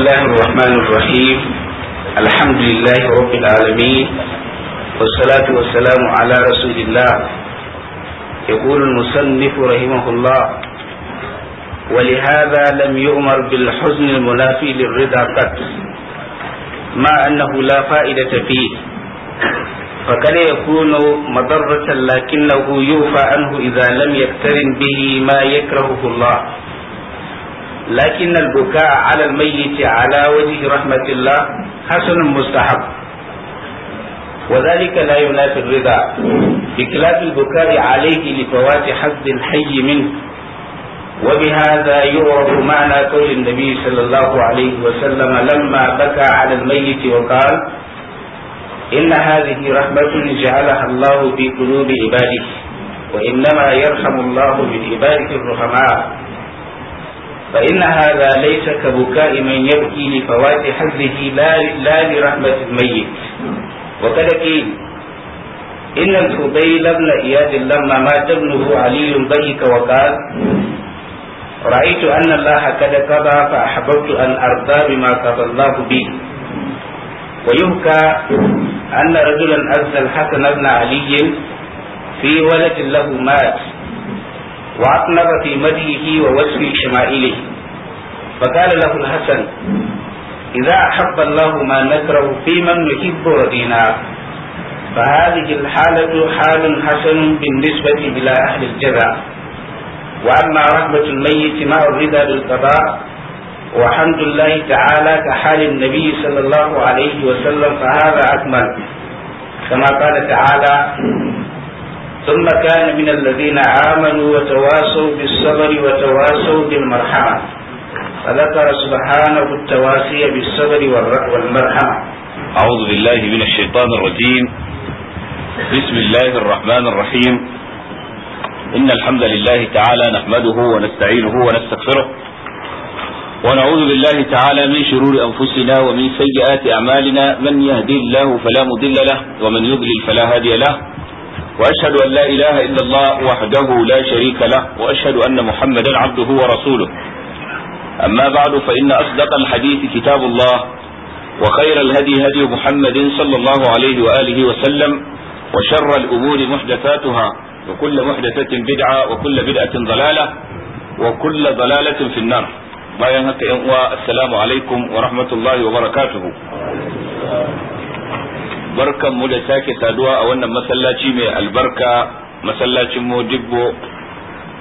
الله الرحمن الرحيم الحمد لله رب العالمين والصلاة والسلام على رسول الله يقول المصنف رحمه الله ولهذا لم يؤمر بالحزن المنافي للرضا قط مع أنه لا فائدة فيه فقد يكون مضرة لكنه يوفى عنه إذا لم يقترن به ما يكرهه الله لكن البكاء على الميت على وجه رحمة الله حسن مستحب وذلك لا ينافي الرضا بكلاف البكاء عليه لفوات حظ الحي منه وبهذا يعرف معنى قول النبي صلى الله عليه وسلم لما بكى على الميت وقال إن هذه رحمة جعلها الله في قلوب عباده وإنما يرحم الله من عباده الرحماء فإن هذا ليس كبكاء من يبكي لفوات حظه لا لرحمة الميت وقد قيل إن الفضيل بن إياد لما مات ابنه علي بيك وقال رأيت أن الله قد قضى فأحببت أن أرضى بما قضى الله بي ويبكى أن رجلا أرسل الحسن بن علي في ولد له مات وأطنب في مديه ووصف شمائله فقال له الحسن إذا أحب الله ما نكره في من يحب رضينا فهذه الحالة حال حسن بالنسبة إلى أهل الجزاء وأما رحمة الميت مع الرضا بالقضاء وحمد الله تعالى كحال النبي صلى الله عليه وسلم فهذا أكمل كما قال تعالى ثم كان من الذين آمنوا وتواصوا بالصبر وتواصوا بالمرحمة فذكر سبحانه التواصي بالصبر والمرحمة أعوذ بالله من الشيطان الرجيم بسم الله الرحمن الرحيم إن الحمد لله تعالى نحمده ونستعينه ونستغفره ونعوذ بالله تعالى من شرور أنفسنا ومن سيئات أعمالنا من يهدي الله فلا مضل له ومن يضلل فلا هادي له واشهد ان لا اله الا الله وحده لا شريك له واشهد ان محمدا عبده ورسوله اما بعد فان اصدق الحديث كتاب الله وخير الهدي هدي محمد صلى الله عليه واله وسلم وشر الامور محدثاتها وكل محدثه بدعه وكل بدعه ضلاله وكل ضلاله في النار ما haka yan عليكم ورحمة الله وبركاته barkan mu da sake saduwa a wannan masallaci mai albarka masallacin modibbo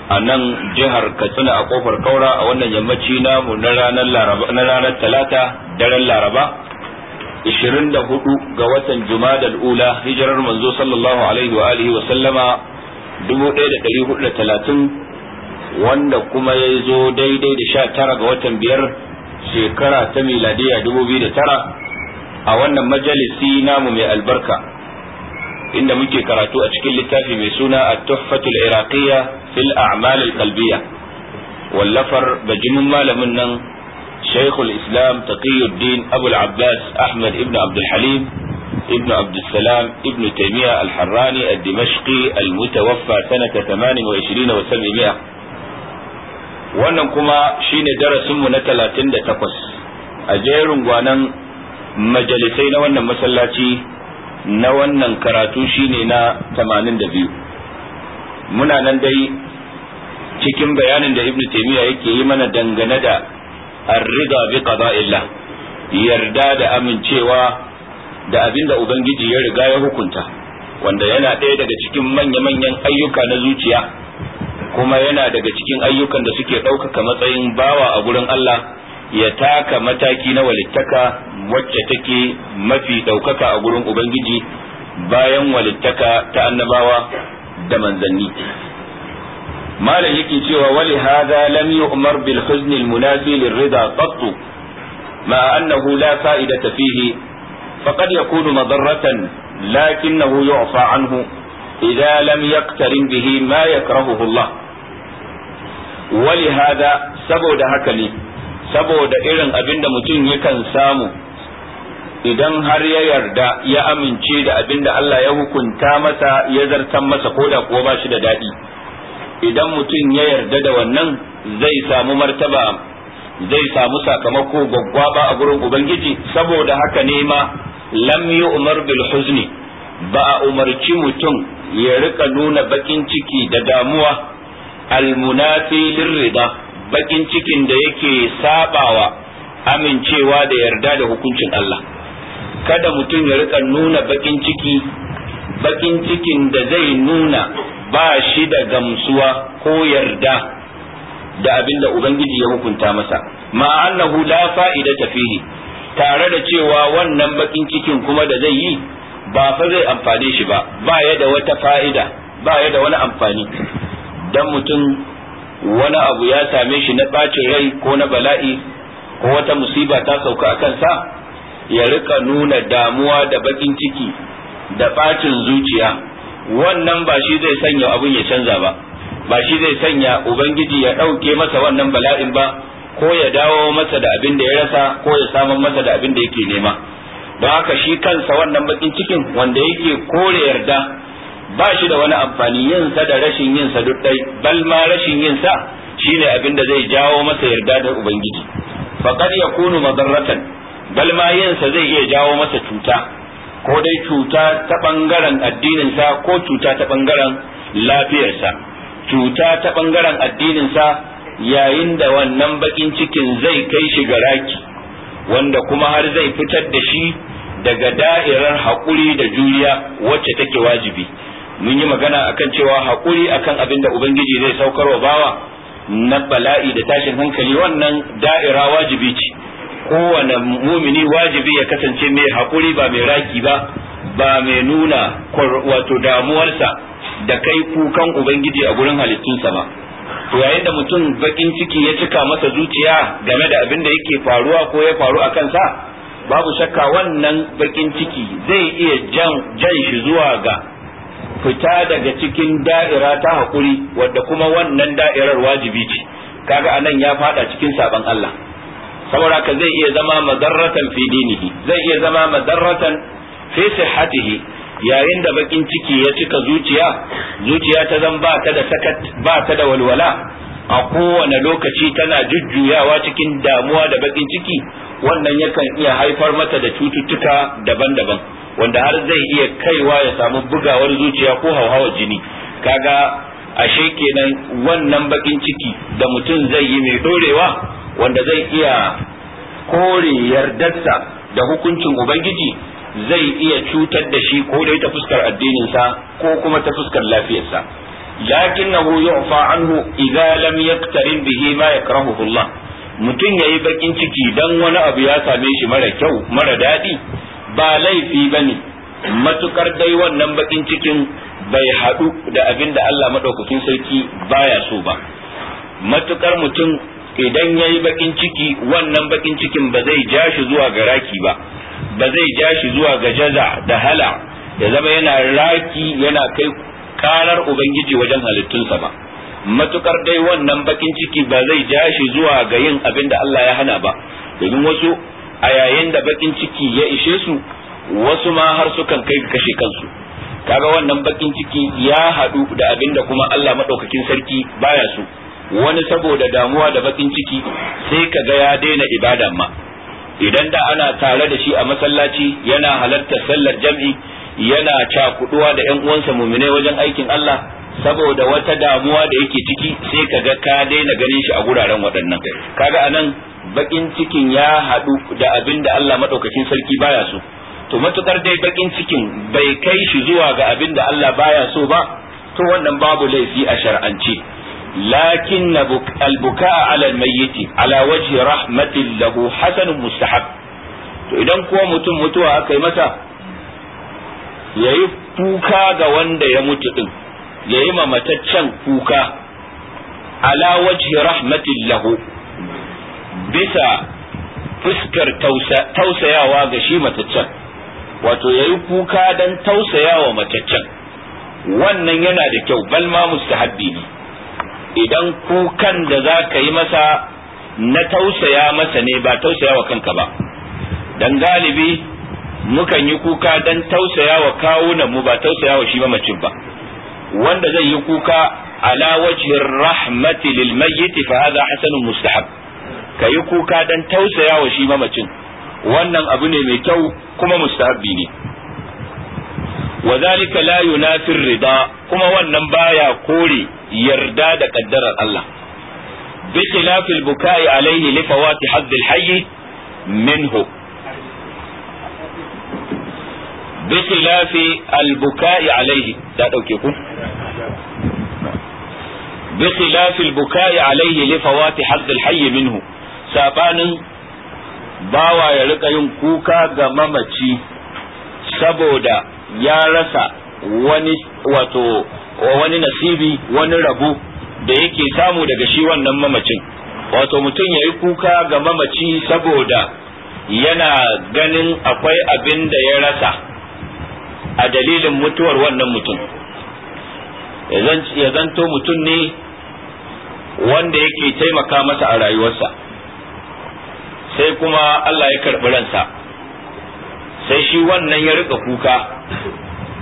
a nan jihar katsina a kofar kaura a wannan yammaci namu na ranar talata daren laraba 24 ga watan jumadal ula hijirar manzo sallallahu alaihi wa alihi wa sallama 1430 wanda kuma ya zo daidai da 19 ga watan biyar shekara ta miladiya 2009 a wannan majalisi namu mai albarka inda muke karatu a cikin littafi mai suna a tuhfatul iraqiyya fil a'mal al-qalbiyya wallafar bajimin malamin nan shaykhul islam taqiyuddin abul abbas ahmad ibn abdul halim ابن عبد السلام ابن تيمية الحراني الدمشقي المتوفى سنة 28 و 700 wannan kuma shine darasinmu na 38 a jerin gwanan majalisai na wannan masallaci na wannan karatu shine na 82 muna nan dai cikin bayanin da ibnu taymiya yake yi mana dangane da ar-ridha bi qada'illah yarda da amincewa da abinda ubangiji ya riga ya hukunta wanda yana ɗaya daga cikin manya-manyan ayyuka na zuciya kuma yana daga cikin ayyukan da suke ɗaukaka matsayin bawa a gurin Allah ya taka mataki na walittaka wacce take mafi ɗaukaka a gurin ubangiji bayan walittaka ta annabawa da manzanni malam yake cewa wali hada lam yu'mar bil huzn al munafi lir rida qattu ma annahu la fa'idata fihi faqad yakunu madarratan lakinnahu yu'fa anhu idza lam yaqtarin bihi ma yakrahuhu Allah ولهذا saboda haka ne. saboda irin abin da mutum yakan samu idan har ya yarda ya amince da abin da Allah ya hukunta masa ya zartan masa ko da kuwa ba shi da daɗi idan mutum ya yarda da wannan zai samu martaba zai samu sakamako gwaggwaba a gurin ubangiji saboda haka ne ma lam Umar bil huzni ba a umarci mutum ya rika nuna bakin ciki da damuwa al munafi lirrida bakin cikin da yake sabawa amincewa da yarda da hukuncin Allah kada mutum ya rika nuna bakin ciki bakin cikin da zai nuna ba shi da gamsuwa ko yarda da abin da ubangiji ya hukunta masa ma annahu la ta fihi tare da cewa wannan bakin cikin kuma da zai yi ba fa zai amfane shi ba ba ya da wata fa'ida ba ya da wani amfani dan mutum wani abu ya same shi na ɓacin rai ko na bala'i ko wata musiba ta sauka a kansa ya rika nuna damuwa da bakin ciki da bacin zuciya wannan ba shi zai sanya abin ya canza ba ba shi zai sanya ubangiji ya ɗauke masa wannan bala'in ba ko ya dawo masa da abin da ya rasa ko ya samun masa da abin da yake nema don haka shi kansa wannan bakin cikin wanda yake kore yarda ba shi da wani amfani yin sa da rashin yin sa duk dai bal ma rashin yin sa shine abin da zai jawo masa yarda da ubangiji faqad yakunu madarratan bal ma yin sa zai iya jawo masa cuta ko dai cuta ta bangaren addinin sa ko cuta ta bangaren lafiyarsa cuta ta bangaren addinin sa yayin da wannan bakin cikin zai kai shi ga raki wanda kuma har zai fitar da shi daga da'irar haƙuri da juriya wacce take wajibi mun yi magana akan cewa haƙuri akan abin da ubangiji zai saukarwa bawa na bala'i da tashin hankali wannan da'ira wajibi ce kowane mumini wajibi ya kasance mai haƙuri ba mai raki ba ba mai nuna wato damuwarsa da kai kukan ubangiji a gurin halittunsa ba to yayin da mutum bakin ciki ya cika masa zuciya game da abin da yake faruwa ko ya faru a kansa babu shakka wannan bakin ciki zai iya jan shi zuwa ga fita daga cikin da'ira ta haƙuri wadda kuma wannan da'irar wajibi ce kaga anan ya fada cikin saban Allah saboda ka zai iya zama madarratan fi dinihi zai iya zama madarratan fi sihhatihi yayin da bakin ciki ya cika zuciya zuciya ta zan ba ta da sakat ba ta da walwala a kowane lokaci tana jujjuyawa cikin damuwa da bakin ciki wannan yakan iya haifar mata da cututtuka daban-daban wanda har zai iya kaiwa ya samu bugawar zuciya ko hauhawar jini kaga ashe kenan wannan bakin ciki da mutum zai yi mai dorewa wanda zai iya kore yardarsa da hukuncin ubangiji zai iya cutar da shi ko dai ta fuskar addininsa ko kuma ta fuskar lafiyarsa lakinnahu yu'fa anhu idza lam yaqtarin bihi ma yakrahuhu Allah mutum yayi bakin ciki dan wani abu ya same shi mara kyau mara daɗi. ba laifi ba ne matukar dai wannan bakin cikin bai haɗu da abin da Allah maɗaukakin sarki baya so ba matukar mutum idan ya yi bakin ciki wannan bakin cikin ba zai ja shi zuwa ga raki ba ba zai ja shi zuwa ga jaza da hala ya zama yana raki yana kai karar ubangiji wajen halittunsa ba matukar dai wannan bakin ciki ba zai ja shi zuwa ga yin abin da Allah ya hana ba domin wasu a yayin da bakin ciki ya ishe su wasu ma har sukan kai kashe kansu kaga wannan bakin ciki ya hadu da abinda kuma Allah madaukakin sarki baya su. wani saboda damuwa da bakin ciki sai ka ga ya daina ibada ma idan da ana tare da shi a masallaci yana halartar sallar jam'i yana cakuduwa da yan uwansa mumine wajen aikin Allah saboda wata damuwa da yake ciki sai kaga ka daina ganin shi a guraren waɗannan kaga anan bakin cikin ya haɗu da abin da Allah maɗaukacin sarki baya so to matukar dai bakin cikin bai kai shi zuwa ga abin da Allah baya so ba to wannan babu laifi a shar'ance lakin albuka ala mayyiti ala wajhi rahmatin lahu hasanun mustahab to idan kuwa mutum mutuwa aka yi masa yayi kuka ga wanda ya mutu din yayi mamataccen kuka ala wajhi rahmatin lahu bisa fuskar tausayawa ga shi mataccen wato ya yi kuka don tausayawa mataccen wannan yana da kyau bal ma mustahabbi ne idan kukan da za ka yi masa na tausaya masa ne ba tausayawa kanka ba dan galibi mukan yi kuka don tausayawa kawunan mu ba tausayawa shi mamacin ba wanda zai yi kuka ala wajhin rahmati lil mayyit fa hadha hasanun mustahab ka yi kuka dan tausaya wa shi mamacin wannan abu ne mai kyau kuma mustahabbi ne wa zalika la yunafi rida kuma wannan baya kore yarda da kaddarar Allah bi bukai alaihi li fawati hadd hayy minhu al bukai alaihi da dauke ku bukai alaihi li fawati hayy minhu sabanin bawa ya rika yin kuka ga mamaci saboda ya rasa wani wato wani nasibi wani rabu da yake samu daga shi wannan mamacin wato mutum ya yi kuka ga mamaci saboda yana ganin akwai abin da ya rasa a dalilin mutuwar wannan mutum ya zanto mutum ne wanda yake taimaka masa a rayuwarsa sai kuma Allah ya karɓi ransa sai shi wannan ya rika kuka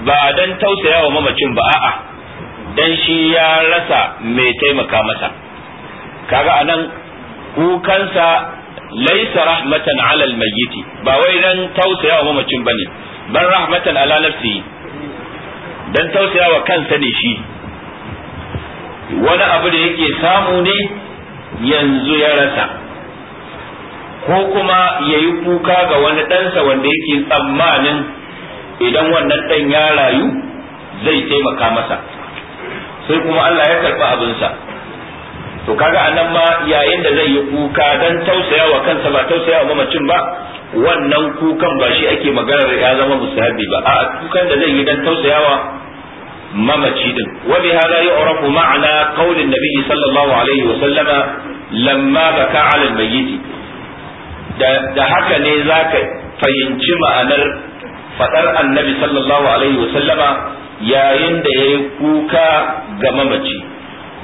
ba dan tausaya wa mamacin ba a'a dan shi ya rasa mai taimaka masa kaga anan kukansa laisa rahmatan ala almayyiti ba wai dan tausaya wa mamacin bane ban rahmatan ala nafsi dan tausaya wa kansa ne shi wani abu da yake samu ne yanzu ya rasa ko kuma ya yi kuka ga wani ɗansa wanda yake tsammanin idan wannan dan ya rayu zai taimaka masa sai kuma Allah ya karɓi abinsa to kaga anan ma yayin da zai yi kuka dan tausaya wa kansa ba tausaya wa mamacin ba wannan kukan ba shi ake maganar ya zama musahabi ba a'a kukan da zai yi dan wa mamaci din wa bi hada ma'ana qaulin nabi sallallahu alaihi wa sallama lamma baka 'ala al-mayyit da haka ne za ka fahimci ma'anar faɗar annabi sallallahu alaihi wasallama yayin da ya yi kuka ga mamaci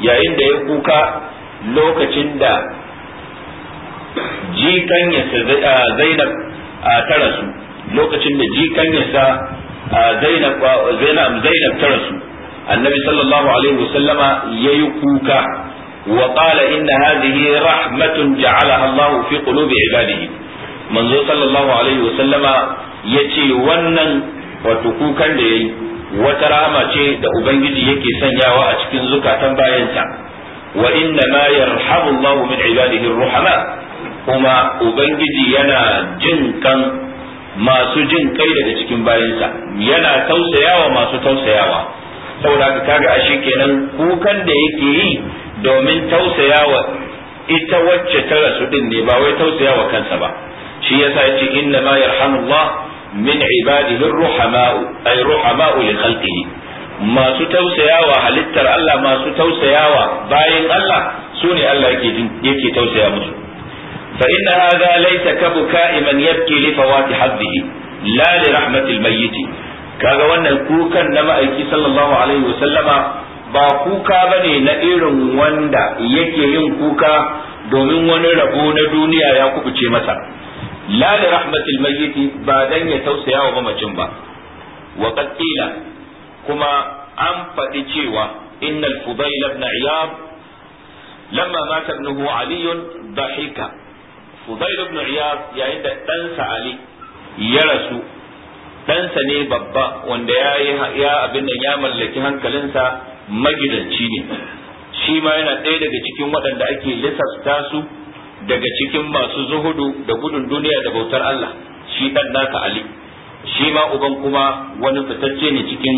yayin da ya kuka lokacin da jikan ya zainab ta rasu lokacin da jikan ya sa zainab zainab ta rasu annabi sallallahu alaihi wasallama ya yi kuka وقال إن rahmatun رحمة جعلها الله في قلوب عباده manzo sallallahu alaihi wasallama ya ce wannan wato kukan da ya yi wata rama ce da ubangiji yake sanyawa a cikin zukatan bayansa wa inna ma yarhamu Allah min ibadihi ruhama kuma ubangiji yana jin kan masu jin kai daga cikin bayansa yana tausayawa masu tausayawa saboda ka kaga kenan kukan da yake yi domin tausayawa ita wacce ta rasu din ne ba wai tausayawa kansa ba shi yasa yace inna ma yarhamullah min ibadihi ruhama'u ay ruhama'u li khalqihi masu tausayawa halittar Allah masu tausayawa bayan Allah su ne Allah yake yake tausaya musu fa inna hadha laysa kabuka man yabki li fawati hadhihi la li rahmatil mayyiti kaga wannan kukan na ma'aiki sallallahu alaihi wasallama ba kuka bane na irin wanda yake yin kuka domin wani rabo na duniya ya kubuce masa la li rahmatil mayyit ba dan ya tausaya wa mamacin ba wa qad kuma an faɗi cewa innal fudayl ibn iyab lamma mata ibnuhu ali dhahika fudayl ibn iyab yayin da ɗansa ali ya rasu ɗansa ne babba wanda ya ya abin nan ya mallaki hankalinsa magidanci ne shi ma yana ɗaya daga cikin waɗanda ake lissafta su daga cikin masu zuhudu da gudun duniya da bautar Allah shi ɗan naka Ali shi ma uban kuma wani fitacce ne cikin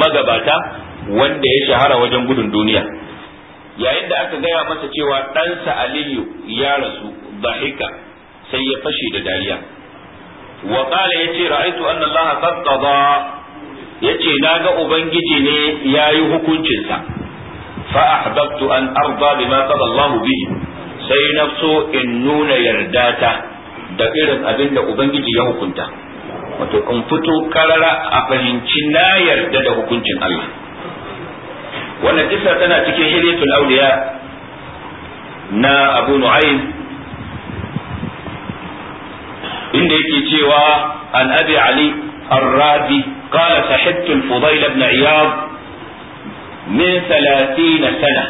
magabata wanda ya shahara wajen gudun duniya yayin da aka gaya masa cewa ɗansa aliyu ya rasu bahika sai ya fashe da dariya wa qala yace ra'aytu anna allaha qad qada yace naga ubangiji ne ya yi sa fa ahbabtu an arda bima bihi sai na so in nuna yardata da irin abinda ubangiji ya hukunta wato in fito karara a fahimci na yarda da hukuncin Allah wannan kisa tana cikin hiliyatul auliya na Abu Nu'aym inda yake cewa an abi ali الرازي قال صحبت الفضيل بن عياض من ثلاثين سنة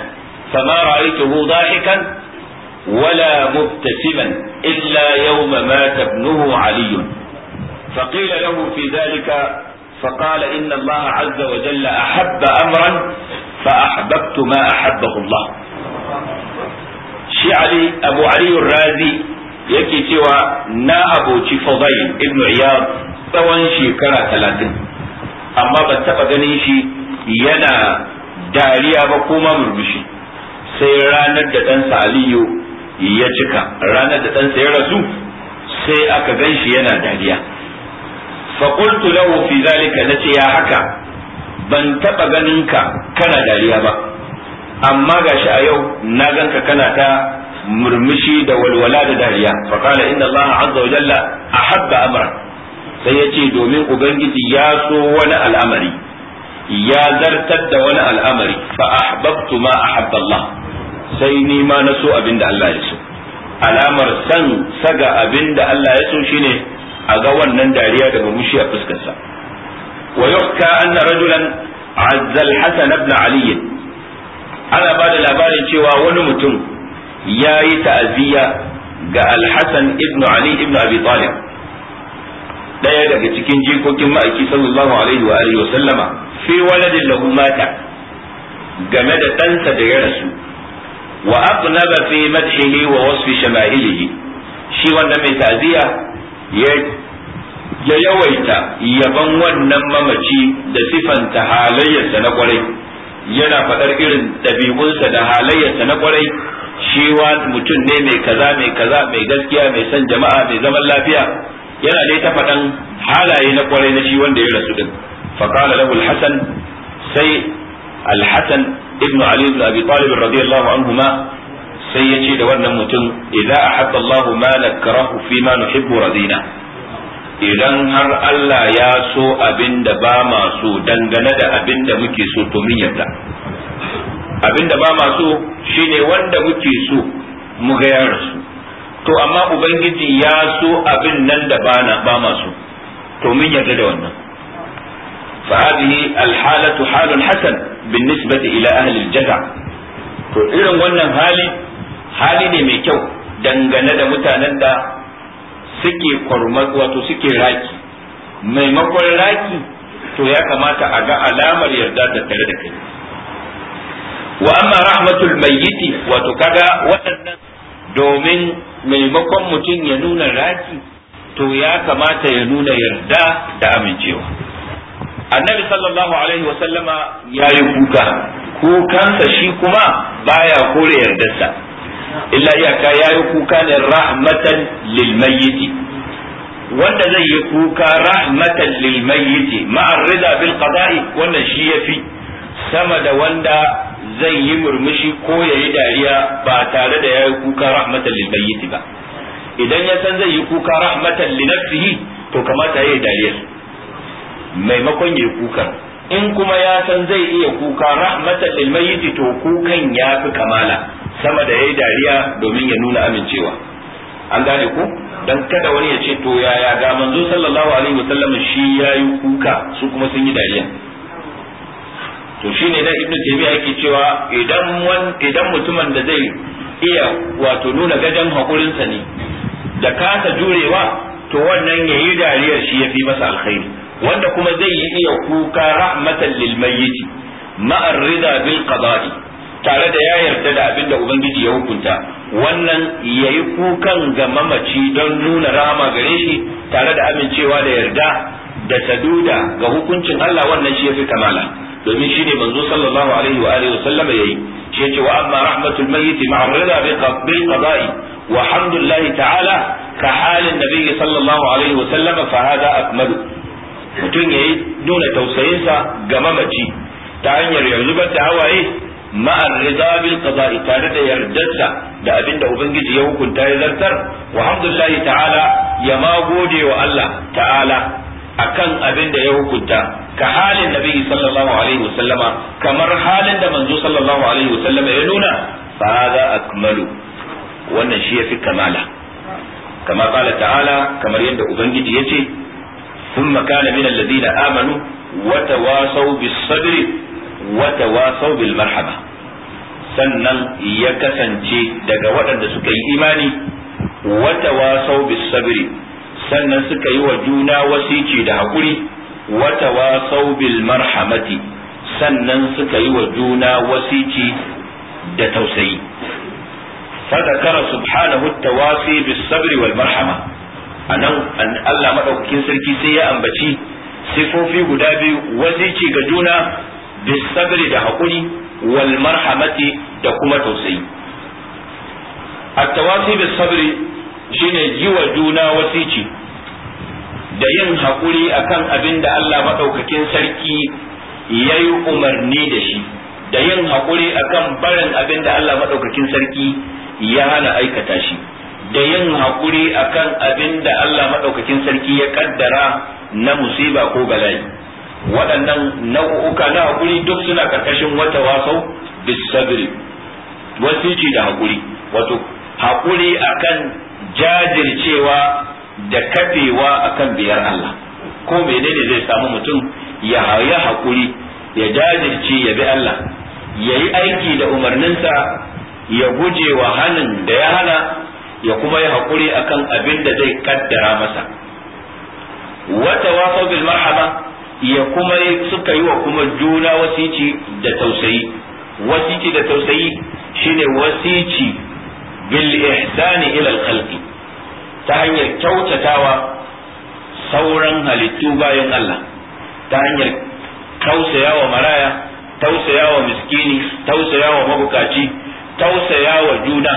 فما رأيته ضاحكا ولا مبتسما إلا يوم مات ابنه علي فقيل له في ذلك فقال إن الله عز وجل أحب أمرا فأحببت ما أحبه الله شي علي أبو علي الرازي yake cewa na aboci fadai ibnu iyad tsawon shekara talatin amma ban taba ganin shi yana dariya ba ko murmushi sai ranar da ɗansa aliyu ya cika ranar da ɗansa ya rasu sai aka gan shi yana dariya faƙultu lahu fi zalika na ce ya haka ban taɓa ganin ka kana dariya ba amma gashi a yau na ganka kana ta murmushi da walwala da dariya fa qala inna allaha azza wa jalla ahabba amra sai yace domin ubangiji ya so wani al'amari ya zartar da wani al'amari fa ahbabtu ma ahabba allah sai ni ma na so abinda Allah ya so alamar san saga abinda Allah ya so shine a ga wannan dariya da murmushi a fuskarsa wa yukka anna rajulan azza al-hasan ibn ali ana ba da labarin cewa wani mutum ya yi ta'aziyya ga alhassan ibn ali ibn abi talib daya daga cikin jikokin ma'aiki sallallahu alaihi wa alihi wa sallama fi waladin lahu mata game da ɗansa da ya rasu wa aqnaba fi madhihi wa wasfi shama'ilihi shi wannan mai ta'aziyya ya ya yawaita yaban wannan mamaci da sifanta halayyarsa na kwarai yana faɗar irin ɗabi'unsa da halayyarsa na kwarai shi wa mutum ne mai kaza mai kaza mai gaskiya mai son jama'a mai zaman lafiya yana dai ta faɗan halaye na kwarai na shi wanda ya rasu din faqala lahu al sai al ibnu ali ibn abi talib radiyallahu anhuma sai ya ce da wannan mutum idza ahabba ma nakrahu fi ma nuhibbu radina idan har Allah ya so abin da ba ma so dangane da abin da muke so to min yarda abinda ba ma so shine wanda muke so mu ga rasu to amma ubangiji ya so abin nan da bana ba ma so to mun yarda da wannan fa hadhihi alhalatu halun hasan bin nisbati ila ahli jaza to irin wannan hali hali ne mai kyau dangane da mutanen da suke kwarmar wato suke raki maimakon raki to ya kamata a ga alamar yarda da tare da kai wa amma rahmatul mayyiti wato kaga waɗannan domin maimakon mutum ya nuna raki to ya kamata ya nuna yarda da amincewa annabi sallallahu alaihi wa sallama ya yi kuka kukansa shi kuma baya kore yardarsa illa iyaka ya yi kuka ne rahmatan lil mayyiti wanda zai yi kuka rahmatan lil mayyiti ma'ar bil qada'i wannan shi yafi sama da wanda zai yi murmushi ko ya yi dariya ba tare da ya yi kuka rahmatan lil bayyiti ba idan ya san zai yi kuka rahmatan li nafsihi to kamata ya yi dariya maimakon ya yi kuka in kuma ya san zai iya kuka rahmatan lil mayyiti to kukan ya fi kamala sama da ya yi dariya domin ya nuna amincewa an gane ku dan kada wani ya ce to yaya ga manzo sallallahu alaihi wasallam shi ya yi kuka su kuma sun yi dariya to shine da ibnu taymiya yake cewa idan wan idan mutumin da zai iya wato nuna gajan hakurin sa ne da kasa jurewa to wannan yayi dariyar shi yafi masa alkhairi wanda kuma zai yi iya kuka rahmatan lil mayyit ma'ar rida bil qada'i tare da ya yarda da abin da ubangiji ya hukunta wannan yayi kukan ga mamaci don nuna rahama gare shi tare da amincewa da yarda da saduda ga hukuncin Allah wannan shi yafi kamala domin shine manzo sallallahu alaihi wa alihi wasallama yayi shi yace wa amma rahmatul mayyit ma'a rida bi qabli qada'i wa hamdulillah ta'ala ka halin nabi sallallahu alaihi wa sallama fa hada akmalu mutum yayi nuna tausayinsa ga mamaci ta hanyar yanzu ban da hawaye ma'ar rida bil qada'i tare da yardarsa da abinda ubangiji ya hukunta ya zartar wa hamdulillah ta'ala ya ma gode wa Allah ta'ala akan abinda ya hukunta ka halin nabi sallallahu alaihi wasallama kamar halin da manzo sallallahu alaihi wasallama ya nuna fa akmalu wannan shi yafi kamala kama qala ta'ala kamar yadda ubangiji yace thumma kana min alladhina amanu wa tawasaw bis sabri wa tawasaw bil marhama sannan ya kasance daga waɗanda suka yi imani wa tawasaw bis sabri sannan suka yi wa juna wasici da hakuri wa tawasaw bil marhamati sannan suka yi wa juna wasici da tausayi فذكر سبحانه التوافي بالصبر والمرحمة أنا أن الله مدوكين سركي سيا أنبتي sifofi guda biyu wasici ga juna bisabri da haƙuri wal marhamati da kuma tausayi at-tawasi bisabri shine yi wa juna wasici da yin haƙuri akan abin da Allah maɗaukakin sarki ya yi umarni da shi da yin haƙuri akan barin abin da Allah maɗaukakin sarki ya hana aikata shi da yin haƙuri akan abin da Allah maɗaukakin sarki ya ƙaddara na musiba ko bala'i waɗannan nau'uka na haƙuri duk suna ƙarƙashin wata wasau bisabiri ce da haƙuri wato haƙuri akan jajircewa da kafewa akan biyar Allah ko menene zai samu mutum ya haya hakuri ya jajirce ya bi Allah ya yi aiki da umarninsa ya guje wa hannun da ya hana ya kuma yi hakuri akan abin da zai kaddara masa wata wafa bil marhaba ya kuma suka yi wa kuma juna wasici da tausayi wasici da tausayi shine wasici bil ihsani ila al khalqi ta hanyar kyautatawa sauran halittu bayan Allah ta hanyar tausaya wa maraya tausaya tausayawa miskini wa mabukaci tausaya wa juna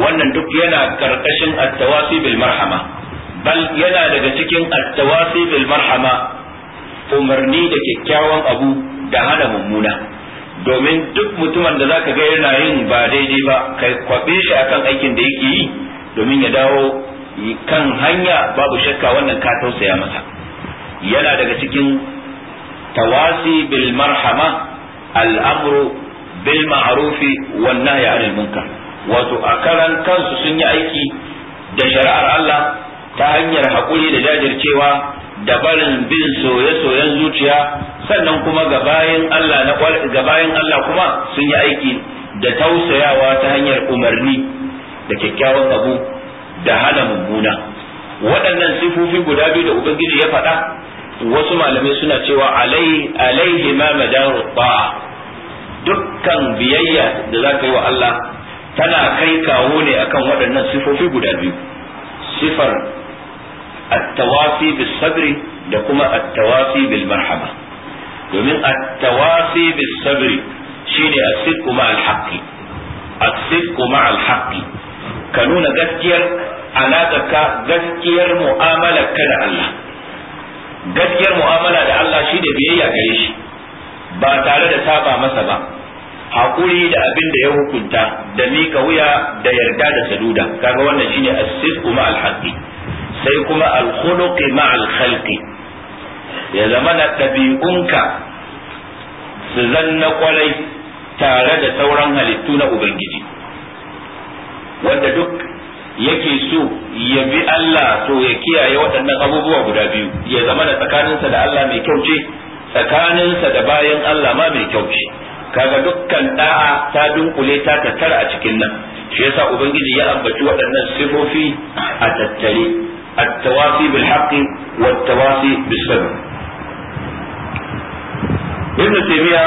wannan duk yana karkashin attawasi bil marhama bal yana daga cikin attawasi bil marhama umarni da kyakkyawan abu da hana mummuna domin duk mutumin da zaka ga yana yin ba daidai ba kai kwabe shi akan aikin da yake yi domin ya dawo kan hanya babu shakka wannan ka tausaya masa yana daga cikin tawasi bil marhama al'amru bil ma'rufi wannan nahyi anil munkar wato a karan kansu sun yi aiki da shari'ar Allah ta hanyar haƙuri da jajircewa da barin bin soye-soyen zuciya sannan kuma ga Allah na ga bayan Allah kuma sun yi aiki da tausayawa ta hanyar umarni da kyakkyawan abu da hana mummuna waɗannan sifofi guda biyu da ubangiji ya faɗa wasu malamai suna cewa alaihi ma madaru ta'a dukkan biyayya da za ka yi wa Allah tana kai kawo ne akan waɗannan sifofi guda biyu sifar التوافي بالصبر da kuma التوافي بالمرحبة domin التوافي بالصبر shine الصدق مع الحق الصدق مع الحق ka nuna gaskiyar alaƙarka gaskiyar ka da Allah gaskiyar mu'amala da Allah shi da biyayya gare shi ba tare da saba masa ba haƙuri da abin da ya hukunta da mika wuya da yarda da saduda kaga wannan shine as-sidqu ma haqqi sai kuma al ma ya zama na ɗabi'unka su zanna kwarai tare da sauran halittu na ubangiji wanda duk yake so ya bi Allah to ya kiyaye waɗannan abubuwa guda biyu ya zama da tsakaninsa da Allah mai kyau ce tsakaninsa da bayan Allah ma mai kyau ce kaga dukkan da'a ta dunkule ta tattara a cikin nan shi yasa ubangiji ya ambaci waɗannan sifofi a tattare at-tawasi bil haqqi wat-tawasi bis sabr ibn taymiya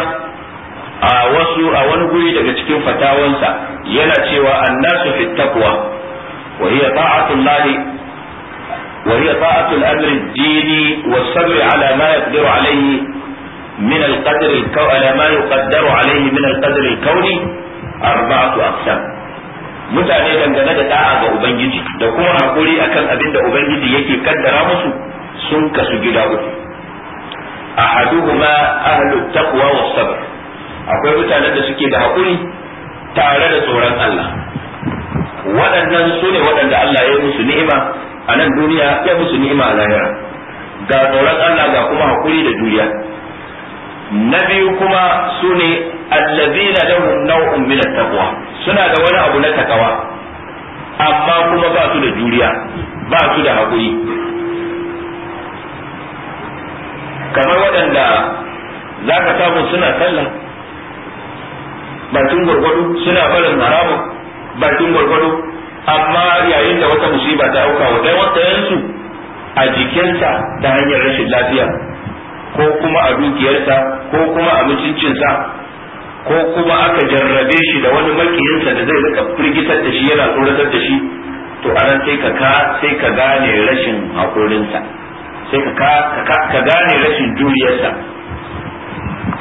a wasu a wani guri daga cikin fatawansa yana cewa annasu fi taqwa wa hiya ta'atullahi wa hiya ta'atul amri ad-dini was-sabr ala ma yaqdiru alayhi min al-qadr al-kawni ala ma yuqaddaru alayhi min al-qadr al-kawni arba'atu aqsam mutane dangane da da'a ga ubangiji da kuma hakuri akan abin da ubangiji yake kaddara musu sun kasu gida uku ahaduhuma ahlut taqwa was-sabr akwai mutanen da suke da hakuri tare da tsoron Allah waɗannan su ne waɗanda Allah ya musu ni'ima a nan duniya ya musu ni'ima a lahira ga tsoron Allah ga kuma haƙuri da duniya na biyu kuma su ne allazina lahum naw'un min taqwa suna da wani abu na takawa amma kuma ba su da juriya ba su da haƙuri kamar waɗanda za ka samu suna sallah bakin gwargwado suna barin haramun bakin gwargwado amma yayin da wata musiba ta auka wa wata yansu a jikinsa ta hanyar rashin lafiya ko kuma a dukiyarsa ko kuma a mutuncinsa ko kuma aka jarrabe shi da wani makiyinsa da zai rika firgitar da shi yana tsoratar da shi to nan sai ka sai ka gane rashin haƙorinsa sai ka gane rashin juriyarsa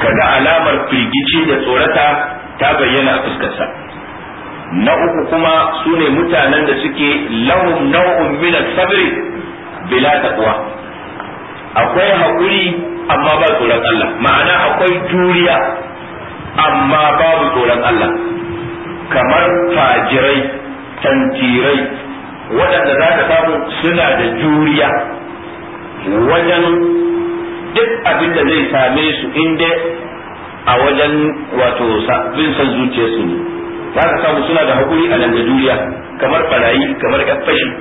ka ga alamar firgici da tsorata ta bayyana a fuskarsa na uku kuma su ne mutanen da suke lahum nau'un min sabri bila taqwa akwai haƙuri amma ba tsoron Allah ma'ana akwai juriya amma babu tsoron Allah kamar fajirai tantirai waɗanda za ka samu suna da juriya wajen duk abin da zai same su inda a wajen wato bin san su ne za ka samu suna da haƙuri a nan da juriya kamar farayi kamar ƴan fashi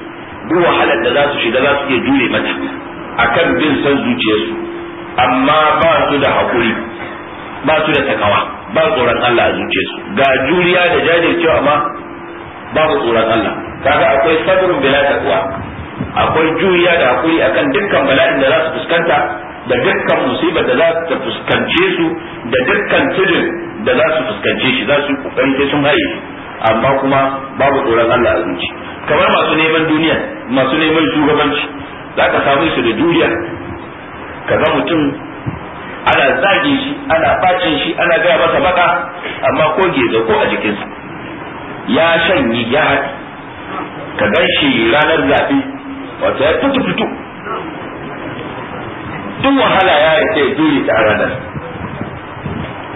duk wahalar da za su shiga za su iya jure mata kan bin san su amma ba su da haƙuri ba su da takawa ba tsoron Allah a su. ga juriya da jajircewa ba su tsoron Allah kaga akwai sabrun bila takwa akwai juriya da haƙuri akan dukkan bala'in da za su fuskanta da dukkan musibar da za ta fuskance su da dukkan tudun da za su fuskance shi za su kokari sai sun haye amma kuma babu tsoron Allah a zuci kamar masu neman duniya masu neman shugabanci za ka samu su da duniya ga mutum ana zage shi ana bacin shi ana gaya masa baka amma ko geza ko a jikinsa ya shanyi ya haɗi ka gan shi ranar zaɓe wata ya fito fito duk wahala ya rike duri ta a ranar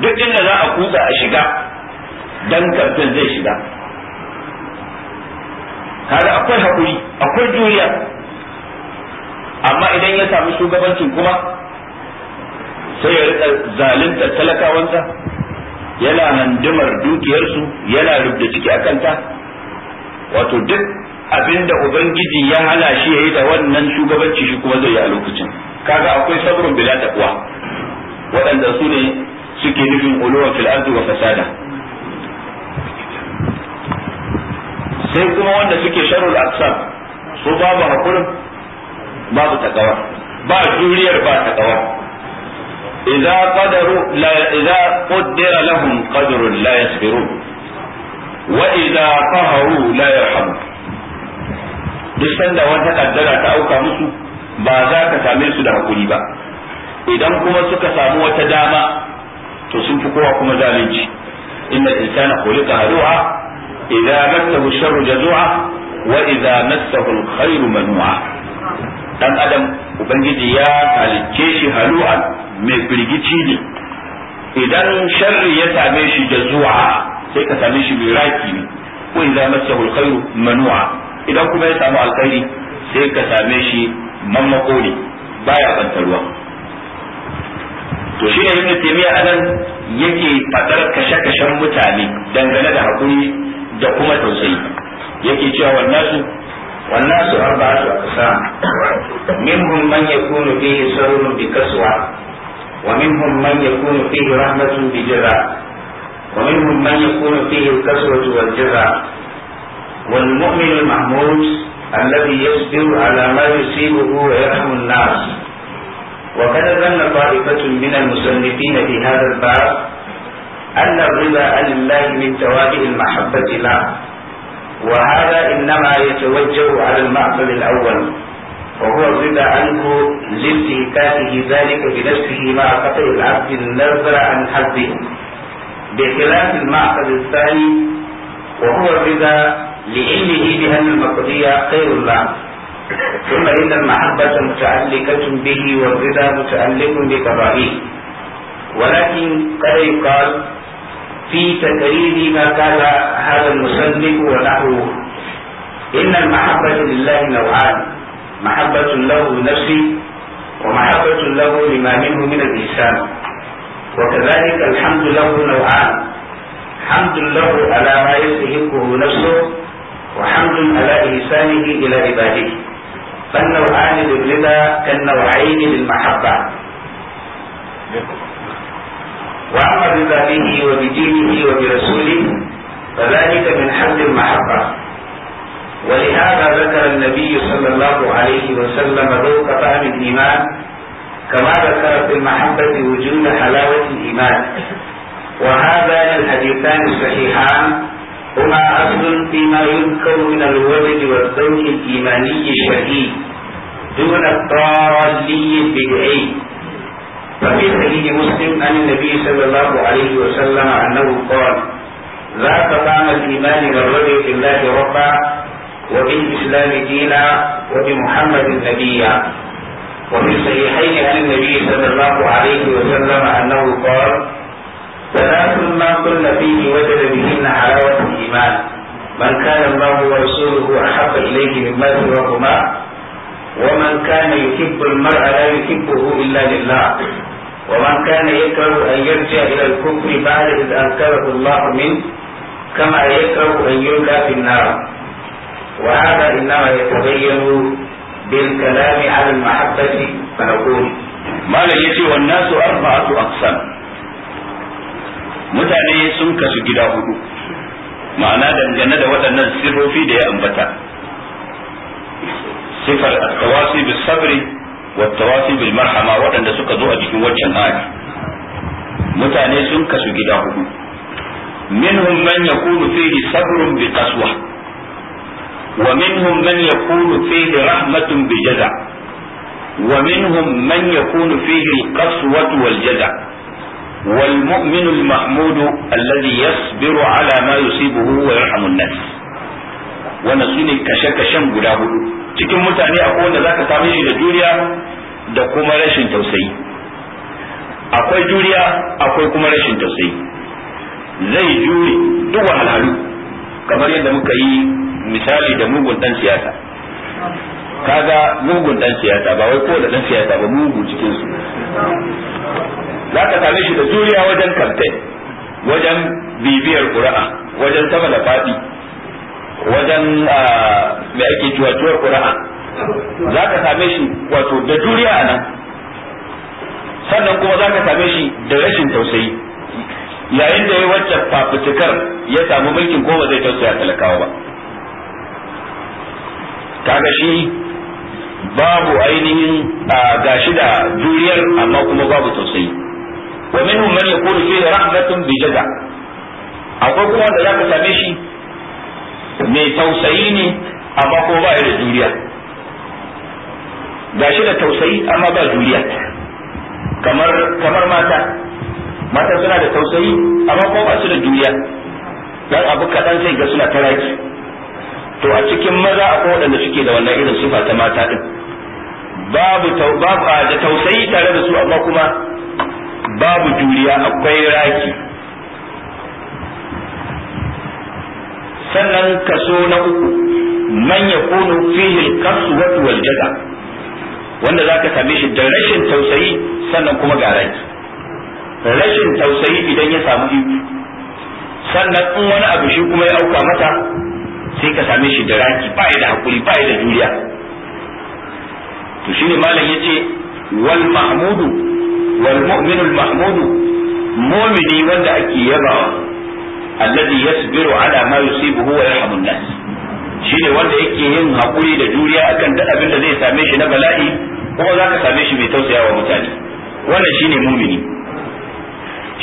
duk inda za a kusa a shiga dan kamfin zai shiga kada akwai hakuri akwai juriya amma idan ya samu shugabancin kuma sai ya rika zalunta talakawansa yana handimar dukiyarsu yana rubda ciki a kanta wato duk abinda ubangiji ya hana shi ya yi da wannan shugabanci shi kuma zai yi a lokacin kaga akwai sabrun bila taqwa waɗanda su ne suke nufin uluwan fil ardi wa fasada sai kuma wanda suke sharul aqsam su babu hakurin babu taqwa ba juriyar ba taqwa idza qadaru la idza qaddara lahum qadrun la yasbirun wa idza qaharu la yarhamu duk sanda wata kaddara ta auka musu ba za ka same su da hakuri ba idan kuma suka samu wata dama to sun fi kowa kuma zalunci inna insana khuliqa halu'a idza massahu sharru jazu'a wa idza massahu alkhairu manu'a dan adam ubangiji ya halicce shi halu'an mai firgici ne idan sharri ya same shi jazu'a sai ka same shi mai ne wa idza massahu alkhairu manu'a idan kuma ya samu alkhairi sai ka same shi man makoni baya banta ruwa to shine yin taimiya a anan yake fadar kashe-kashen mutane dangane da hakuri da kuma tausayi yake cewa wannan su wannan su har ba su a min hun man ya kunu fi bi kasuwa wa min hun man ya kunu fi rahmatu bi jira wa min hun man ya kunu fi kasuwa tuwar jira wal mu'min mahmud الذي يصبر على ما يصيبه ويرحم الناس وقد ظن طائفة من المصنفين في هذا الباب أن الرضا عن الله من توابع المحبة له وهذا إنما يتوجه على المعقل الأول وهو الرضا عنه لانتهاكه ذلك بنفسه مع قطع العبد النظر عن حده بخلاف المعقل الثاني وهو الرضا لعلمه بأن المقضية خير الله ثم إن المحبة متعلقة به والرضا متعلق بقضائه ولكن قد يقال في تكريم ما قال هذا المسلم ونحوه إن المحبة لله نوعان محبة له لنفسه ومحبة له لما منه من الإنسان وكذلك الحمد له نوعان حمد له على ما يستحقه نفسه وحمد على إحسانه إلى عباده فالنوعان للرضا كالنوعين للمحبة وأما الرضا به وبدينه وبرسوله فذلك من حد المحبة ولهذا ذكر النبي صلى الله عليه وسلم ذوق طعم الإيمان كما ذكر في المحبة وجود حلاوة الإيمان وهذان الحديثان الصحيحان هما عبد فيما يذكر من الولد والزوج الإيماني الشديد دون الطالي البدعي ففي حديث مسلم عن النبي صلى الله عليه وسلم أنه قال لا تقام الإيمان بالرجل بالله ربا وبالإسلام دينا وبمحمد نبيا وفي الصحيحين عن النبي صلى الله عليه وسلم أنه قال ثلاث ما كل فيه وجد بهن حلاوة الإيمان من كان الله ورسوله أحب إليه مما سواهما ومن كان يحب المرء لا يحبه إلا لله ومن كان يكره أن يرجع إلى الكفر بعد إذ أنكره الله منه كما يكره أن يلقى في النار وهذا إنما يتبين بالكلام على المحبة فنقول ما لا يجي والناس أربعة أقسام mutane sun kasu gida hudu ma'ana dangane da waɗannan sifofi da ya ambata sifar tawasi bil sabri wa tawasi bil marhama waɗanda suka zo a cikin waccan aya mutane sun kasu gida hudu minhum man yakunu fihi sabrun bi qaswa wa minhum man yakunu fihi rahmatun bi jaza wa minhum man yakunu fihi al qaswatu wal jaza' والمؤمن المحمود الذي يصبر على ما يصيبه ويرحم الناس wannan su ne kashe-kashen guda hudu cikin mutane akwai wanda zaka samu shi da juriya da kuma rashin tausayi akwai juriya akwai kuma rashin tausayi zai jure duk wahalhalu kamar yadda muka yi misali da mugun dan siyasa kaga mugun dan siyasa ba wai kowane dan siyasa ba mugu cikin su za ka same shi da juriya wajen kamfe wajen bibiyar ƙura'a wajen sama da faɗi wajen ah, mai ake ciwaciwar ƙura'a za ka same shi wato da juriya a nan sannan kuma za ka same shi da rashin tausayi yayin da ya wacce fafutukar ya samu mulkin ko ba zai tausaya talakawa ba kaga shi babu ainihin gashi da juriyar amma kuma babu tausayi wa minhum man yakunu fi rahmatun bi jaza akwai kuma wanda zaka same shi mai tausayi ne amma kuma ba da juriya gashi da tausayi amma ba juriya kamar kamar mata mata suna da tausayi amma kuma ba su da juriya dan abu kadan sai ga suna taraki to a cikin maza akwai waɗanda suke da wannan irin sifa ta mata din babu babu da tausayi tare da su amma kuma babu juriya akwai raki sannan kaso na uku man yakunu fihi al kasu wal jaza wanda zaka same shi da rashin tausayi sannan kuma ga raki rashin tausayi idan ya samu iko sannan in wani abu shi kuma ya auka mata sai ka same shi da raki ba da hakuri ba da juriya to shine malam yace wal mahmudu wal mu'minul mahmudu mu'mini wanda ake yabawa alladhi yasbiru ala ma yusibuhu wa yarhamun nas shine wanda yake yin hakuri da juriya akan duk abin da zai same shi na bala'i kuma zaka same shi mai tausayawa mutane wannan shine mu'mini